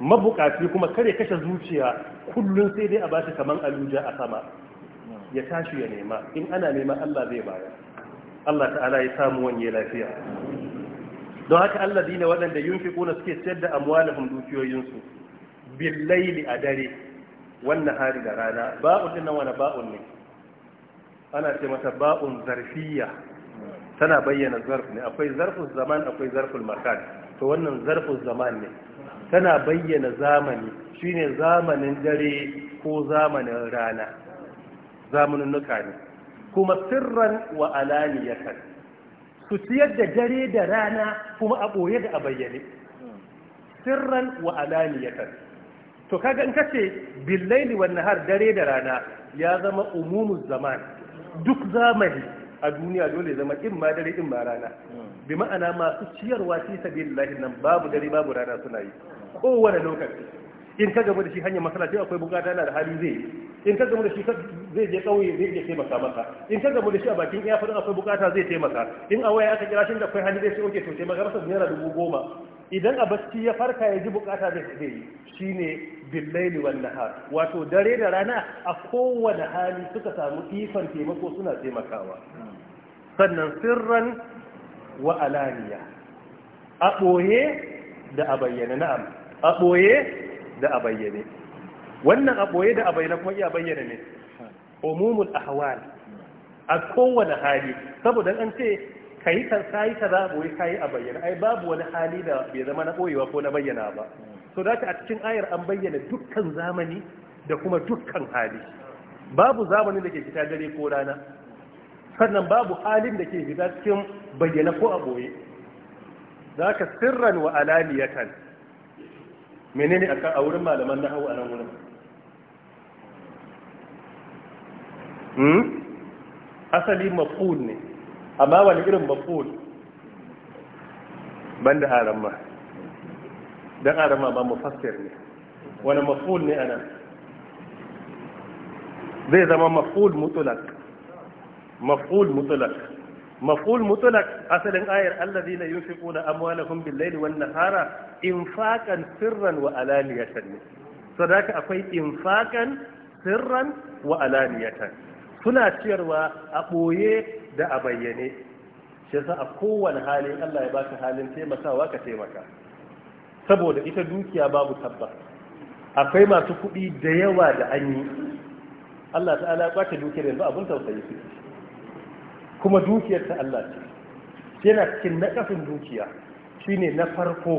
A: mabukaci kuma kare kashe zuciya kullum sai dai a bashi kaman aluja a sama ya tashi ya nema in ana nema Allah zai bayar Allah ta'ala ya samu wanye lafiya don haka Allah dina waɗanda yunfiquna suke sayar da amwalahum dukiyoyinsu billaili a dare wannan hari da rana ba'un din wani ba'un ne ana ce mata ba'un zarfiya tana bayyana zarf ne akwai zarfin zaman akwai zarfin makan to wannan zarfin zaman ne tana bayyana zamani Shi ne zamanin dare ko zamanin rana zamanin nuka ne kuma sirran wa alaniyatan su ciyar da dare da rana kuma a ɓoye da a bayyane sirran wa alaniyatan to kaga in kace billaili wan har dare da rana ya zama umumul zaman duk zamani a duniya dole zama in ma dare in ma rana bi ma'ana masu ciyarwa fi sabilillahi nan babu dare babu rana suna yi kowane lokaci in ka gaba da shi hanyar sai akwai bukata yana da hali zai in ka gaba da shi zai je kauye zai je taimaka maka in ka gaba da shi a bakin fadin akwai bukata zai taimaka in a waya aka kira shi da akwai hali zai ce oke to taimaka masa naira dubu goma idan a bacci ya farka ya ji bukata zai zai yi shine billaili wan nahar wato dare da rana a kowane hali suka samu ifan taimako suna taimakawa sannan sirran wa alaniya a ɓoye da a bayyana na'am a ɓoye da a bayyane wannan a ɓoye da a kuma iya bayyana ne umumul ahwal a kowane hali saboda an ce ka yi kayi kaza a ɓoye kayi a bayyana ai babu wani hali da bai zama na ɓoyewa ko na bayyana ba so da a cikin ayar an bayyana dukkan zamani da kuma dukkan hali babu zamanin da ke fita dare ko rana sannan babu halin da ke fita cikin bayyana ko a boye za ka sirran wa alaniyatan menene akan a wurin malaman na hawa a nan wurin hmm? asali maful ne amma wani irin maful ban da haramma don haramma ba mufassir ne wani maful ne ana zai zama maful mutulak maful mutulak maful mutlaq asalin ayar allazina yunfiquna na bil-laili wan-nahara infakan sirran wa alaniyatan sadaka akwai infaqan sirran wa alaniyatan suna ciyarwa a ɓoye da a bayyane shi yasa a kowane hali Allah ya baka halin taimakawa ka taimaka saboda ita dukiya babu tabba. akwai masu kuɗi da yawa da an yi Allah ta'ala ya kwace dukiyar yanzu abun tausayi suke kuma dukiyar ta Allah ce yana cikin na kafin dukiya shine na farko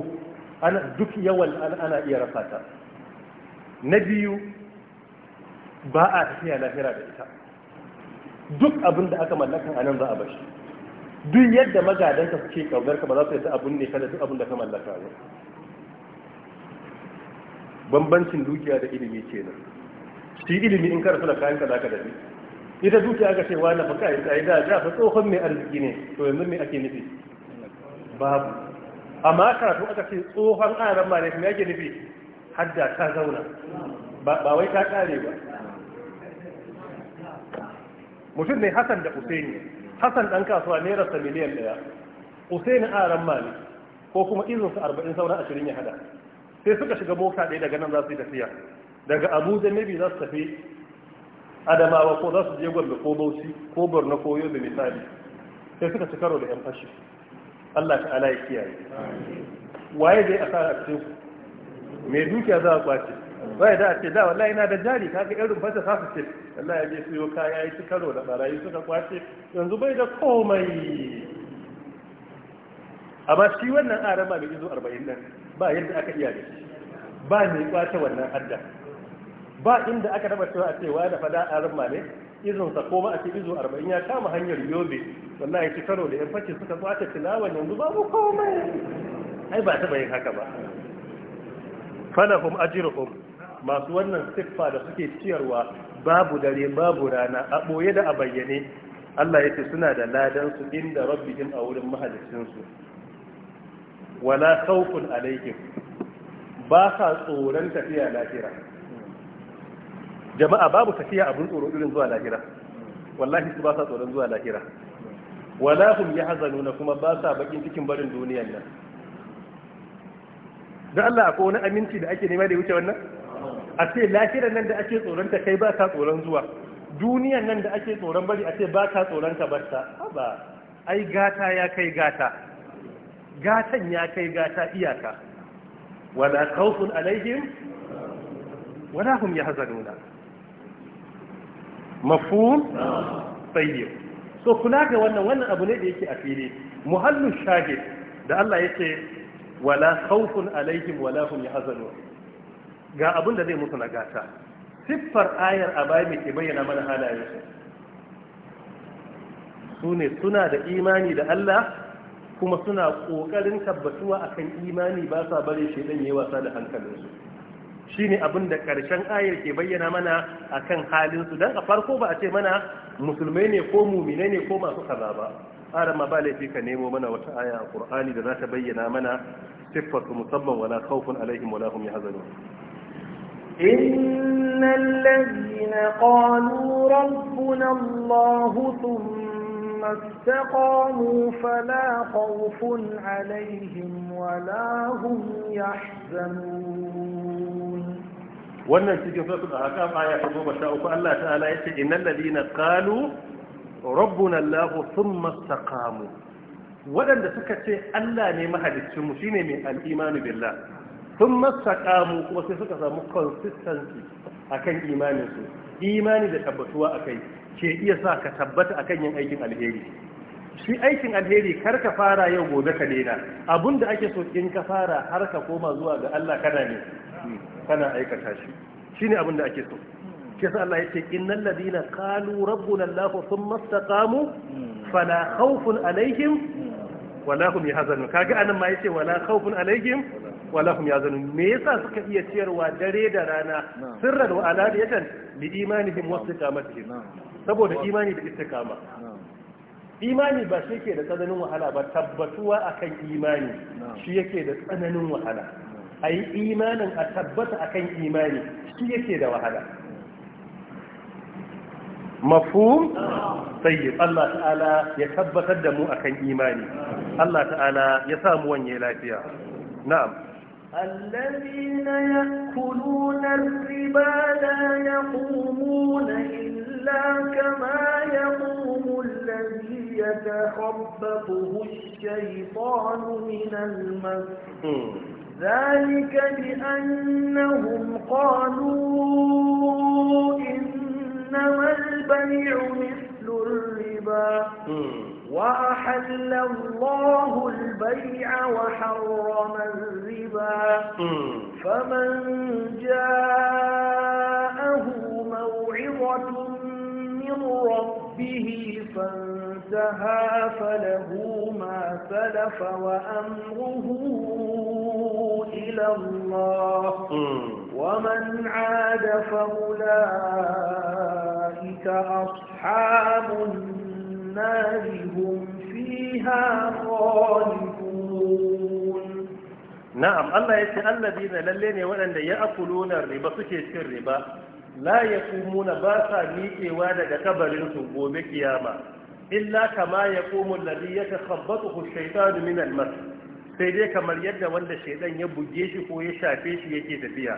A: ana duk yawan ana iya rafa ta na biyu ba a tafiya lahira da ita duk abin da aka mallakan anan za a bashi duk yadda magadanka suke kaunar ka ba za su yasa abun ne kada duk abin da ka mallaka ne bambancin dukiya da ilimi kenan shi ilimi in karatu da kayan ka za ka dafi ita dukiya aka ce na baka yi tsaye da da fa tsohon mai arziki ne to yanzu me ake nufi babu amma karatu aka ce tsohon aran ne me ake nufi hadda ta zauna ba wai ta kare ba mutum ne Hassan da Usaini Hassan dan kasuwa naira rasa miliyan daya Usaini aran ne ko kuma izin su 40 sauran 20 ya hada sai suka shiga mota ɗaya daga nan za su yi tafiya daga Abuja bi za su tafi adamawa ko za su je gombe ko bauchi ko borno ko yobe misali sai suka ci karo da yan fashi Allah ta'ala ya kiyaye waye zai asa a cikin mai dukiya za a kwace bai da ce da wallahi na da jari ga irin fasa sa su ce allah ya je siyo kaya ya ci karo da barayi suka kwace yanzu bai da komai amma shi wannan arama mai izo arba'in nan ba yadda aka iya da shi ba mai kwace wannan adda. ba inda aka taba cewa a ce wa da fada arab ma ne izin sa ko ba a ce izu 40 ya kama hanyar yobe wallahi ci karo da yan fakin suka kwace tilawa yanzu babu komai ai ba ta yin haka ba falahum ajruhum masu wannan siffa da suke ciyarwa babu dare babu rana a boye da a bayyane Allah ya ce suna da ladan su inda rabbihim a wurin mahaliccin su wala khawfun alaihim ba sa tsoron tafiya lafiya jama'a babu tafiya abin tsoro irin zuwa lahira wallahi su ba sa tsoron zuwa lahira wala hum yahzanuna kuma ba sa bakin cikin barin duniyar nan dan Allah akwai wani aminci da ake nema da wuce wannan a ce lahirar nan da ake tsoron ta kai ba ka tsoron zuwa duniyar nan da ake tsoron bari a ce ba ka tsoron ba barta ba ai gata ya kai gata gatan ya kai gata iyaka wala khawfun alaihim wala hum yahzanuna mafhum tayyib so kula ga wannan wannan abu ne da yake a fili muhallu shahid da Allah yake wala khawfun alaihim wala hum yahzanun ga abin da zai musu nagata siffar ayar a bayan ke bayyana mana halaye su ne suna da imani da Allah kuma suna ƙoƙarin tabbatuwa akan imani ba sa bari shaidan yayi wasa da hankalinsu shine abin da ƙarshen ayar ke bayyana mana a halin su dan a farko ba a ce mana musulmai ne ko mumine ne ko masu kaza ba arama ba laifi ka nemo mana wata aya a ƙur'ani da za ta bayyana mana siffatu musamman wala khawfun alaihim wala hum yahzanun
B: إن الذين قالوا ربنا الله ثم استقاموا فلا خوف عليهم ولا هم يحزنون
A: wannan cikin suratul ahqaf aya ta goma sha uku Allah ta'ala yace innal ladina qalu rabbuna Allah sun istaqamu Waɗanda suka ce Allah ne mahaliccin mu shine mai al-imanu billah thumma kuma sai suka samu consistency akan imaninsu, imani da tabbatuwa akai ke iya sa ka tabbata a kan yin aikin alheri shi aikin alheri kar ka fara yau gobe ka daina abinda ake so in ka fara har ka koma zuwa ga Allah kana ne kana aikata shi shine abinda ake so ke sa Allah yace innal ladina qalu rabbuna Allah thumma istaqamu fala khawfun alaihim wala hum yahzanun kaga anan ma yace wala khawfun alaihim wala hum yahzanun me yasa suka iya ciyarwa dare da rana sirran wa alaniyatan bi imanihim wa istiqamatihim saboda imani da istiqama imani ba shi ke da tsananin wahala ba tabbatuwa akan imani shi yake da tsananin wahala a yi imanin a tabbata akan imani shi yake da wahala mafhum sayyid Allah ta'ala ya tabbatar da mu akan imani Allah ta'ala ya samu wanye lafiya na'am
B: الذين يأكلون الربا لا يقومون إلا إلا كما يقوم الذي يتخبطه الشيطان من المس ذلك بأنهم قالوا إنما البيع مثل الربا وأحل الله البيع وحرم الربا فمن جاءه موعظة من ربه فانتهى فله ما سلف وأمره إلى الله ومن عاد فأولئك أصحاب النار هم فيها خالدون
A: نعم الله يتألى بنا للين ولن يأكلون الربا سكي الربا la ya kumuna ba sa miƙewa daga kabarinsu gobe kiyama illa kama ya kumun lalli ya ta khabbatu ku shaitanu min almas sai dai kamar yadda wanda shaidan ya buge shi ko ya shafe shi yake tafiya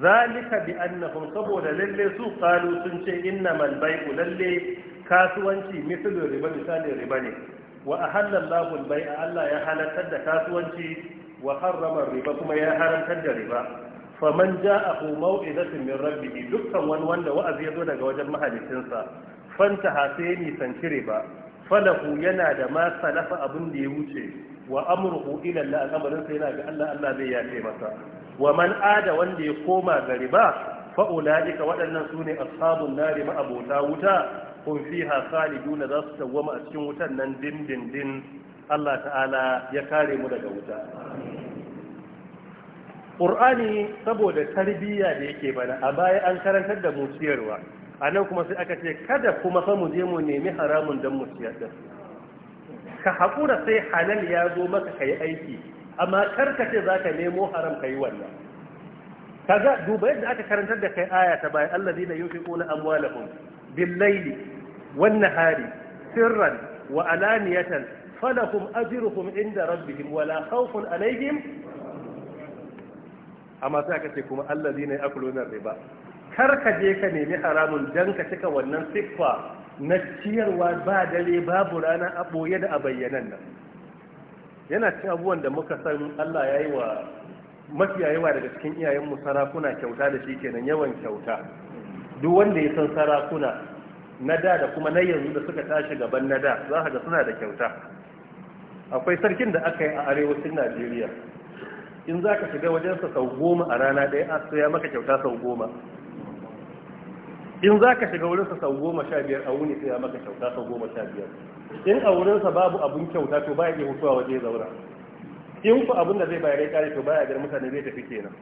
A: zalika bi annahum saboda lalle su qalu sun ce innamal bai'u lalle kasuwanci mislu riba misali riba ne wa ahalla Allahu al-bai'a Allah ya halartar da kasuwanci wa harrama riba kuma ya haramtar da riba faman ja'ahu mau'izatin min rabbih dukkan wani wanda wa'azi ya zo daga wajen mahalicinsa fantaha sai nisanci riba falahu yana da ma salafa abin da ya wuce wa amruhu ila Allah al'amarin yana ga Allah Allah zai yafe masa wa man ada wanda ya koma ga riba fa ulaika waɗannan sune ashabun nari ma abota wuta kun fiha khaliduna za su tawwama a cikin wutan nan din din din Allah ta'ala ya kare mu daga wuta ƙur'ani saboda tarbiyya da yake bana a baya an karantar da mu ciyarwa a nan kuma sai aka ce kada kuma fa mu je mu nemi haramun don mu ciyar da ka haƙura sai halal ya zo maka ka yi aiki amma karka ce za ka nemo haram ka yi wannan kaga duba yadda aka karantar da kai aya ta baya allazi na yunfiquna amwalahum bil layli wan hari, sirran wa alaniyatan falahum ajruhum inda rabbihim wala khawfun alaihim amma sai aka ce kuma allazina yakuluna riba kar ka je ka nemi haramun dan ka cika wannan siffa na ciyarwa ba dare babu rana a boye da a bayyanan nan yana cin abubuwan da muka san Allah ya yi wa mafiya yawa daga cikin iyayenmu sarakuna kyauta da shi kenan yawan kyauta duk wanda ya san sarakuna na da da kuma na yanzu da suka tashi gaban na da za ga suna da kyauta akwai sarkin da aka yi a arewacin najeriya in za ka shiga wajensa sau goma a rana ɗaya a ya maka kyauta sau goma in za ka shiga wurinsa sau goma sha biyar a wuni sai maka kyauta sau goma sha biyar in a wurinsa babu abun kyauta to baya iya hutuwa waje ya zaura in ku abin da zai bayar ya kare to baya gari mutane zai tafi kenan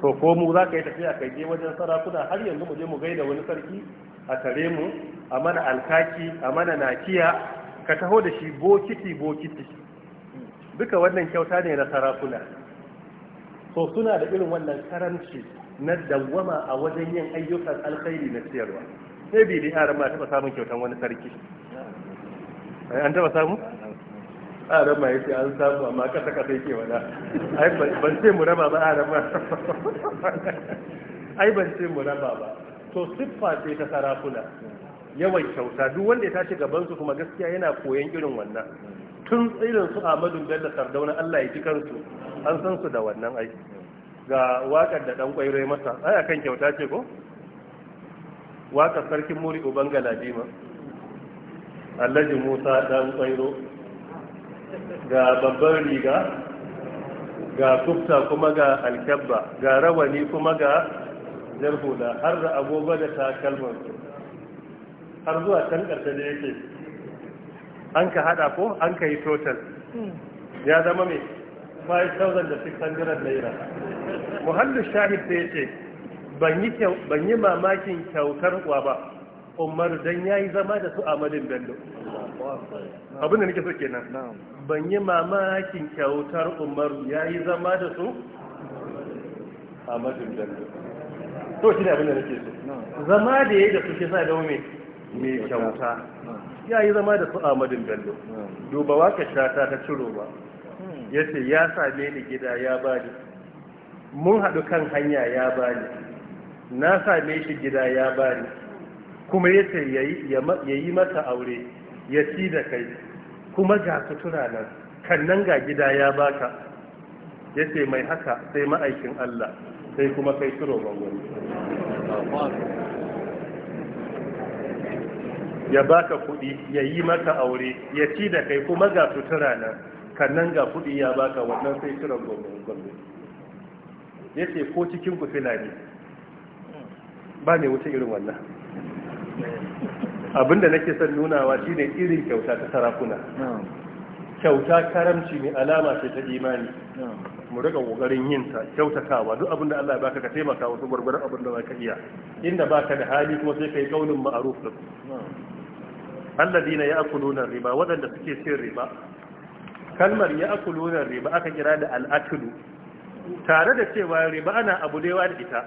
A: to ko mu za ka yi tafiya ka je wajen sarakuna har yanzu mu je mu gaida wani sarki a tare mu a mana alkaki a mana nakiya ka taho da shi bokiti bokiti duka wannan kyauta ne na sarakuna so suna da irin wannan karanci na dawwama a wajen yin ayyukan alkhairi na siyarwa sai bi da yaran ma taɓa samun kyautan wani sarki an taɓa samu aran ma yace an samu amma kasa kasa yake wada ai ban ce mu raba ba aran ma ai ban ce mu raba ba to siffa ce ta sarakuna yawan kyauta duk wanda ya tashi gaban su kuma gaskiya yana koyon irin wannan tun tsirin su Ahmadu Bello Sardauna Allah ya ji kansu an san su da wannan aiki. ga wakar da dan kwairo masa ai kan kyauta ce ko wakar sarkin muri uban galadima Alhaji Musa dan kwairo ga babban riga ga kufta kuma ga alkabba ga rawani kuma ga jarhula har da agogo da takalmansu har zuwa can ƙarshe da yake an ka hada ko an ka yi total ya zama mai 5,600 naira muhallin shahid da ya ce ban yi mamakin kyautar uwa ba Umar don ya yi zama da su amalin bello abin da nake so kenan ban yi mamakin kyautar Umar ya yi zama da su amalin bello to shi ne abin da nake so zama da ya yi da su ke sa da mai kyauta ya yi zama da su amadin bello duba waka shata ta ciro ba ya ce ya same ni gida ya bani mun haɗu kan hanya ya bani na same shi gida ya bani kuma ya ce ya yi mata aure ya ci da kai kuma ga sutura nan kan nan ga gida ya baka ya ce mai haka sai ma'aikin Allah sai kuma kai ciro ban wani. ya baka kuɗi ya yi maka aure ya ci da kai kuma ga sutura na, kannan ga kuɗi ya baka wannan sai kiran gwamnati ya ce ko cikin ku ne, ba ne wuce irin wannan abinda nake son nunawa shine irin kyauta ta sarakuna kyauta karamci ne alama ce ta imani mu rika kokarin yin ta kyautatawa duk abin da Allah ya baka ka taimaka wasu gurgurar abin da zaka iya inda baka da hali kuma sai kai kaulin ma'ruf din alladina ya'kuluna riba waɗanda suke cin riba kalmar ya'kuluna riba aka kira da al'aklu tare da cewa riba ana abu da yawa da ita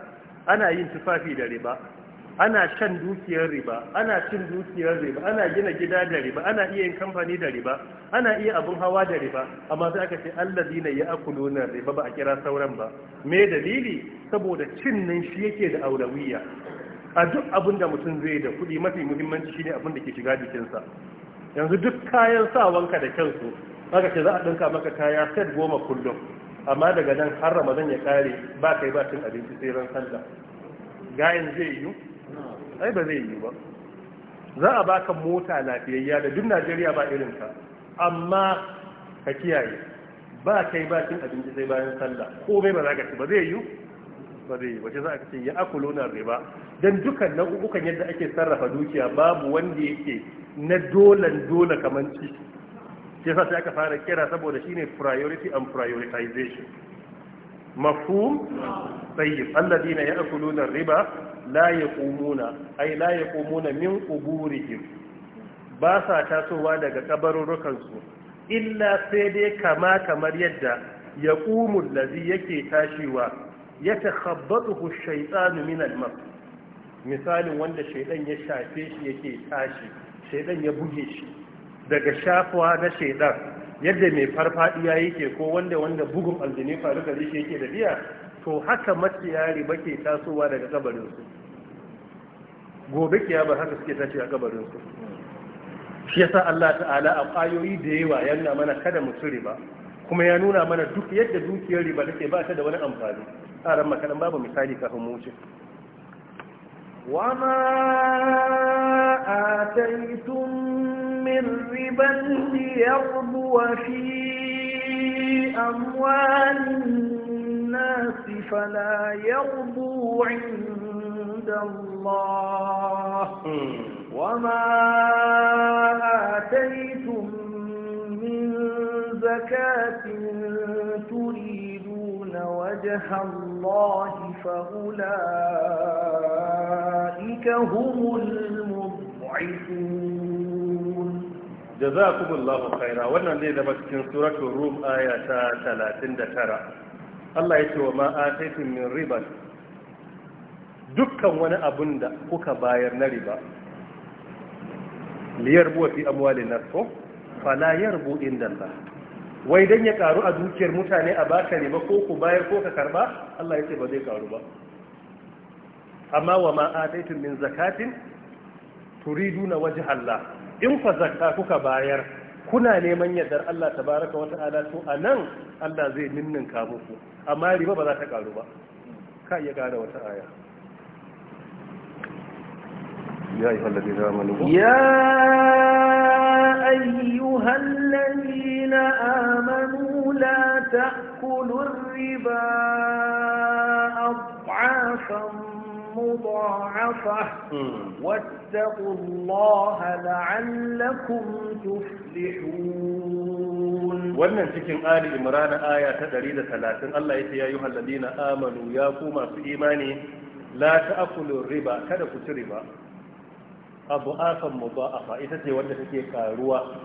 A: ana yin tufafi da riba ana shan dukiyar riba ana cin dukiyar riba ana gina gida da riba ana iya yin kamfani da riba ana iya abun hawa da riba amma sai aka ce alladina ya'kuluna riba ba a kira sauran ba me dalili saboda cin nan shi yake da aurawiya a duk abin da mutum zai da kuɗi mafi muhimmanci shine abin da ke shiga jikinsa yanzu duk kayan sawanka da kyansu maka ce za a ɗinka maka kaya set goma kullum amma daga nan har ramadan ya ƙare ba kai ba cin abinci sai ran sallah gayan zai yiwu ai ba zai yiwu ba za a baka mota lafiyayya da duk najeriya ba irin ka amma ka kiyaye ba kai ba cin abinci sai bayan sallah komai ba za ka ci ba zai yiwu ba zai yi wace za a ce ya akuluna riba dan dukan nau'ukan yadda ake sarrafa dukiya babu wanda yake na dolan dole kamanci? ci sai aka fara kira saboda shine priority and prioritization mafhum sai alladina ya'kuluna riba la yaqumuna ay la yaqumuna min quburihim ba sa tasowa daga kabarurrukan illa sai dai kama kamar yadda yaqumu allazi yake tashiwa ya takhabbatuhu shaytanu min al-mar misalin wanda shaydan ya shafe shi yake tashi shaydan ya buge shi daga shafuwa na shaydan yadda mai farfadiya yake ko wanda wanda bugun aljini faru gari shi yake da biya to haka maciyari bake tasowa daga kabarin su gobe ba haka suke tashi a kabarin su shi yasa Allah ta'ala a ƙayoyi da yawa yana mana kada mu ci ba, kuma ya nuna mana duk yadda dukiyar riba take ba ta da wani amfani aran makaran babu misali kafin mu wuce
B: وما آتيتم من ربا ليربو في أموال الناس فلا يربو عند الله hmm. وما آتيتم من زكاة تريدون يريدون وجه الله فأولئك هم المضعفون
A: جزاكم الله خيرا وانا ليلة مسكين سورة الروم آية 39 الله يتوى ما آتيتم من ربا dukkan wani abun da kuka bayar na riba liyar buwa fi amwalin nasu fala yarbu inda Allah wai dan ya karu a dukiyar mutane a baka riba ko ku bayar ko ka karba Allah yake ba zai karu ba amma wa ma ataitum min zakatin turiduna wajha Allah in fa zakka kuka bayar kuna neman yardar Allah wata wata'ala to anan Allah zai ninninka muku amma riba ba za ta karu ba ka iya gane wata aya ya
B: أيها الذين آمنوا يا أيها الذين آمنوا لا تأكلوا الربا أضعافا مضاعفة واتقوا الله لعلكم تفلحون wannan
A: cikin Ali Imran aya ta 130 Allah yace ya ayyuhal ladina amanu ya ku masu imani la ta'kulu riba kada ku ci riba abu afan mudha'afa ita ce wanda take karuwa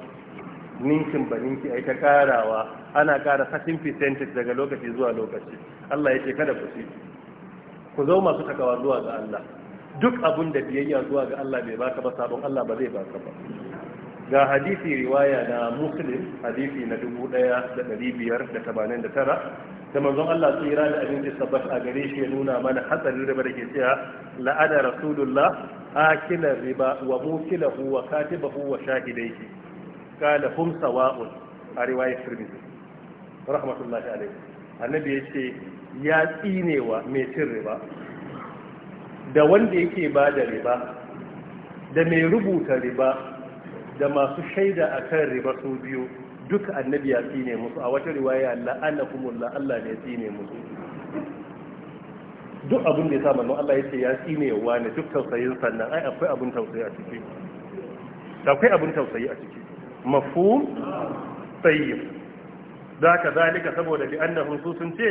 A: ninkin ba ninki ai ta karawa ana kara 13% daga lokaci zuwa lokaci Allah ya ce kada ku ci ku zo masu takawa zuwa ga Allah duk abun da biyayya zuwa ga Allah bai baka ba sabon Allah ba zai baka ba ga hadisi riwaya na muslim hadisi na 1589 da manzon Allah tsira da abinci sabbat a gare shi ya nuna mana hatsarin riba da ke cewa la'ana rasulullah akila riba wa mukilahu wa katibahu wa shahidaihi kala hum sawa'un a riwayat tirmidhi rahmatullahi alayhi annabi yace ya tsinewa mai cin riba da wanda yake ba da riba da mai rubuta riba da masu shaida akan riba su biyu duka annabi ya tsine musu a wata riwaya la'anakumullah Allah ne ya tsine musu duk abin da ya sa manzon Allah ya ce ya tsine wa ne duk tausayin sannan ai akwai abin tausayi a ciki akwai abin tausayi a ciki mafhum tayyib zaka zalika saboda bi annahum su sun ce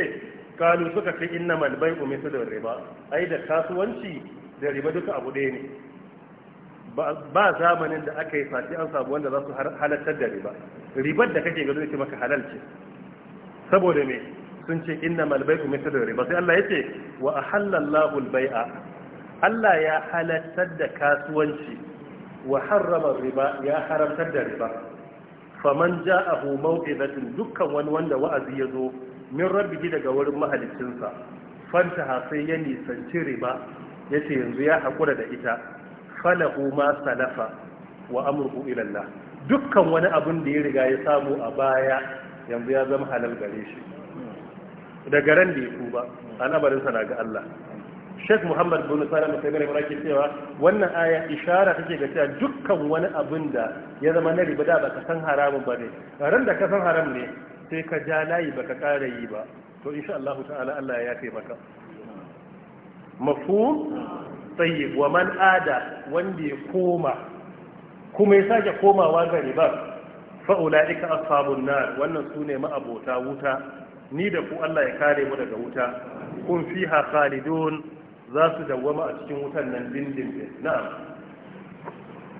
A: kalu suka ce innamal bai'u mithlu riba ai da kasuwanci da riba duka abu ɗaya ne ba zamanin da aka yi fati an samu wanda za su halattar da riba ribar da kake gado ce maka halal ce saboda me sun ce inna malbaiku mithlu riba sai Allah ce wa ahallallahu albai'a Allah ya halattar da kasuwanci wa harrama riba ya haramtar da riba faman ja'ahu maw'izatun dukkan wani wanda wa'azi ya zo min rabbihi daga wurin mahaliccinsa fanta sai ya nisanci riba yace yanzu ya hakura da ita falahu ma salafa wa amruhu ila dukkan wani abun da ya riga ya samu a baya yanzu ya zama halal gare shi daga ran da ya tuba al'amarin sa ga Allah Sheikh Muhammad bin Salam sai mai barake cewa wannan aya ishara take ga cewa dukkan wani abun da ya zama na riba da baka san haramun ba ne ran da ka san haram ne sai ka ja layi baka ƙara yi ba to insha Allah ta'ala Allah ya yafe maka mafhum tsaye wa man ada wanda ya koma kuma ya sake komawa ga riba fa'ula'ika ashabun nar wannan su ne ma'abota wuta ni da ku Allah ya kare mu daga wuta kun fiha khalidun za su dawwama a cikin wutan nan dindindin na'am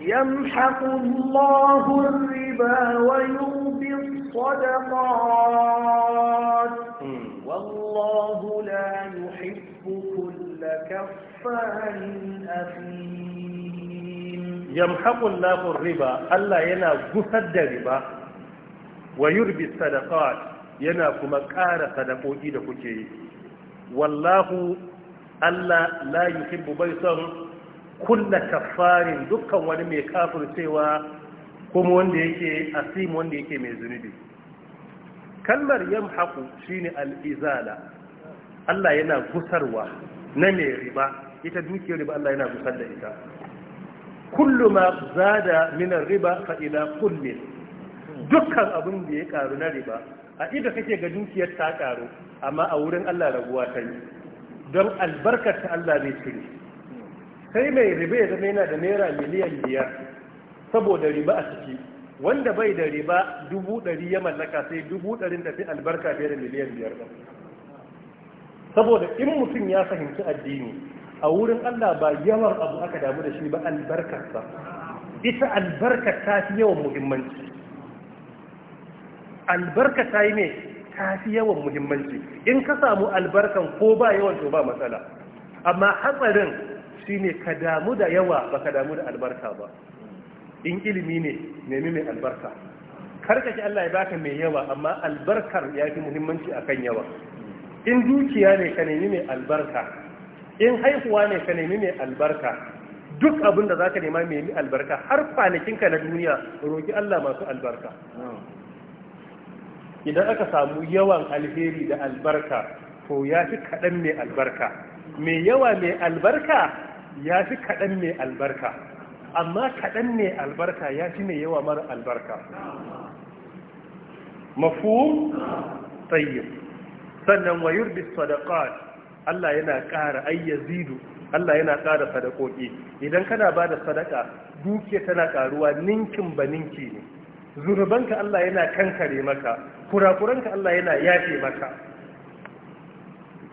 B: يمحق الله الربا ويربي الصدقات والله لا يحب كل لكفار أثيم يمحق
A: الله الربا الله ينا جهد الربا ويربي الصدقات ينا كما كار صدقوتي لكوتي والله الله لا يحب بيصر كل كفار دكا ولم كافر سوى kuma wanda يكي asim wanda يكي mai zunubi kalmar yamhaqu shine al-izala Allah yana gusarwa na mai riba ita dukiyar riba Allah yana gusar da ita kullu ma zada min riba fa ila kullin dukkan abin da ya karu na riba a inda kake ga dukiyar ta karu amma a wurin Allah raguwa ta yi don albarkar ta Allah zai cire sai mai riba ya zama yana da naira miliyan biyar saboda riba a ciki wanda bai da riba dubu ɗari ya mallaka sai dubu ɗarin da fi albarka fiye da miliyan biyar ba saboda in mutum ya fahimci addini a wurin Allah ba yawar abu aka damu da shi ba albarkarsa ita albarkar ta fi yawan muhimmanci albarka ta yi ne ta fi yawan muhimmanci in ka samu albarkan ko ba yawan to ba matsala amma hatsarin shi ne ka damu da yawa ba ka damu da albarka ba in ilimi ne nemi mai albarka karkashi Allah ya baka mai yawa amma albarkar ya fi muhimmanci akan yawa in dukiya ne ka nemi mai albarka in haihuwa ne ka nemi mai albarka duk abin da za ka nema mai albarka har kwanakinka na duniya roƙi Allah masu albarka idan aka samu yawan alheri da albarka to ya fi kaɗan mai albarka mai yawa mai albarka ya fi kaɗan mai albarka amma kaɗan mai albarka ya fi mai yawa mara albarka mafu tsayin sannan wa yurbi sadaqat Allah yana ƙara ayyazidu Allah yana ƙara sadaqoki idan kana bada da sadaka duke tana ƙaruwa ninkin ba ninki ne zurbanka Allah yana kankare maka kurakuranka Allah yana yafe maka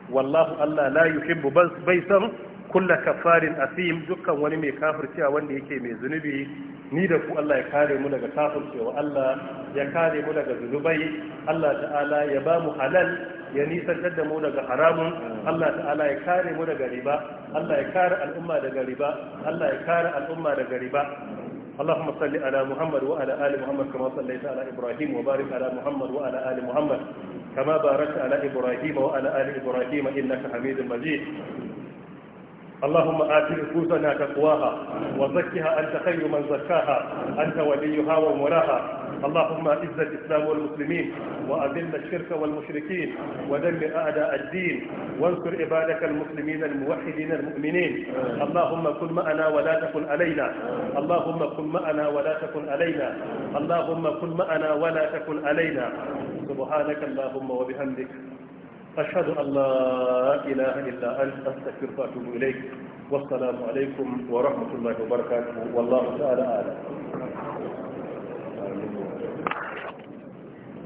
A: wallahu Allah la yuhibbu bai san kulla kafarin asim dukkan wani mai kafircewa wanda yake mai zunubi ni da ku Allah ya kare mu daga kafircewa Allah ya kare mu daga zunubai Allah ta'ala ya ba mu halal ya nisantar da mu daga haramun Allah ta'ala ya kare mu daga riba Allah ya kare al'umma daga riba Allah ya kare al'umma daga riba اللهم آت نفوسنا تقواها وزكها أنت خير من زكاها أنت وليها ومولاها اللهم اعز الاسلام والمسلمين واذل الشرك والمشركين ودمر اعداء الدين وانصر عبادك المسلمين الموحدين المؤمنين اللهم كن معنا ولا تكن علينا اللهم كن معنا ولا تكن علينا اللهم كن معنا ولا تكن علينا سبحانك اللهم وبحمدك أشهد أن لا إله إلا أنت أستغفرك وأتوب إليك والسلام عليكم ورحمة الله وبركاته والله تعالى أعلم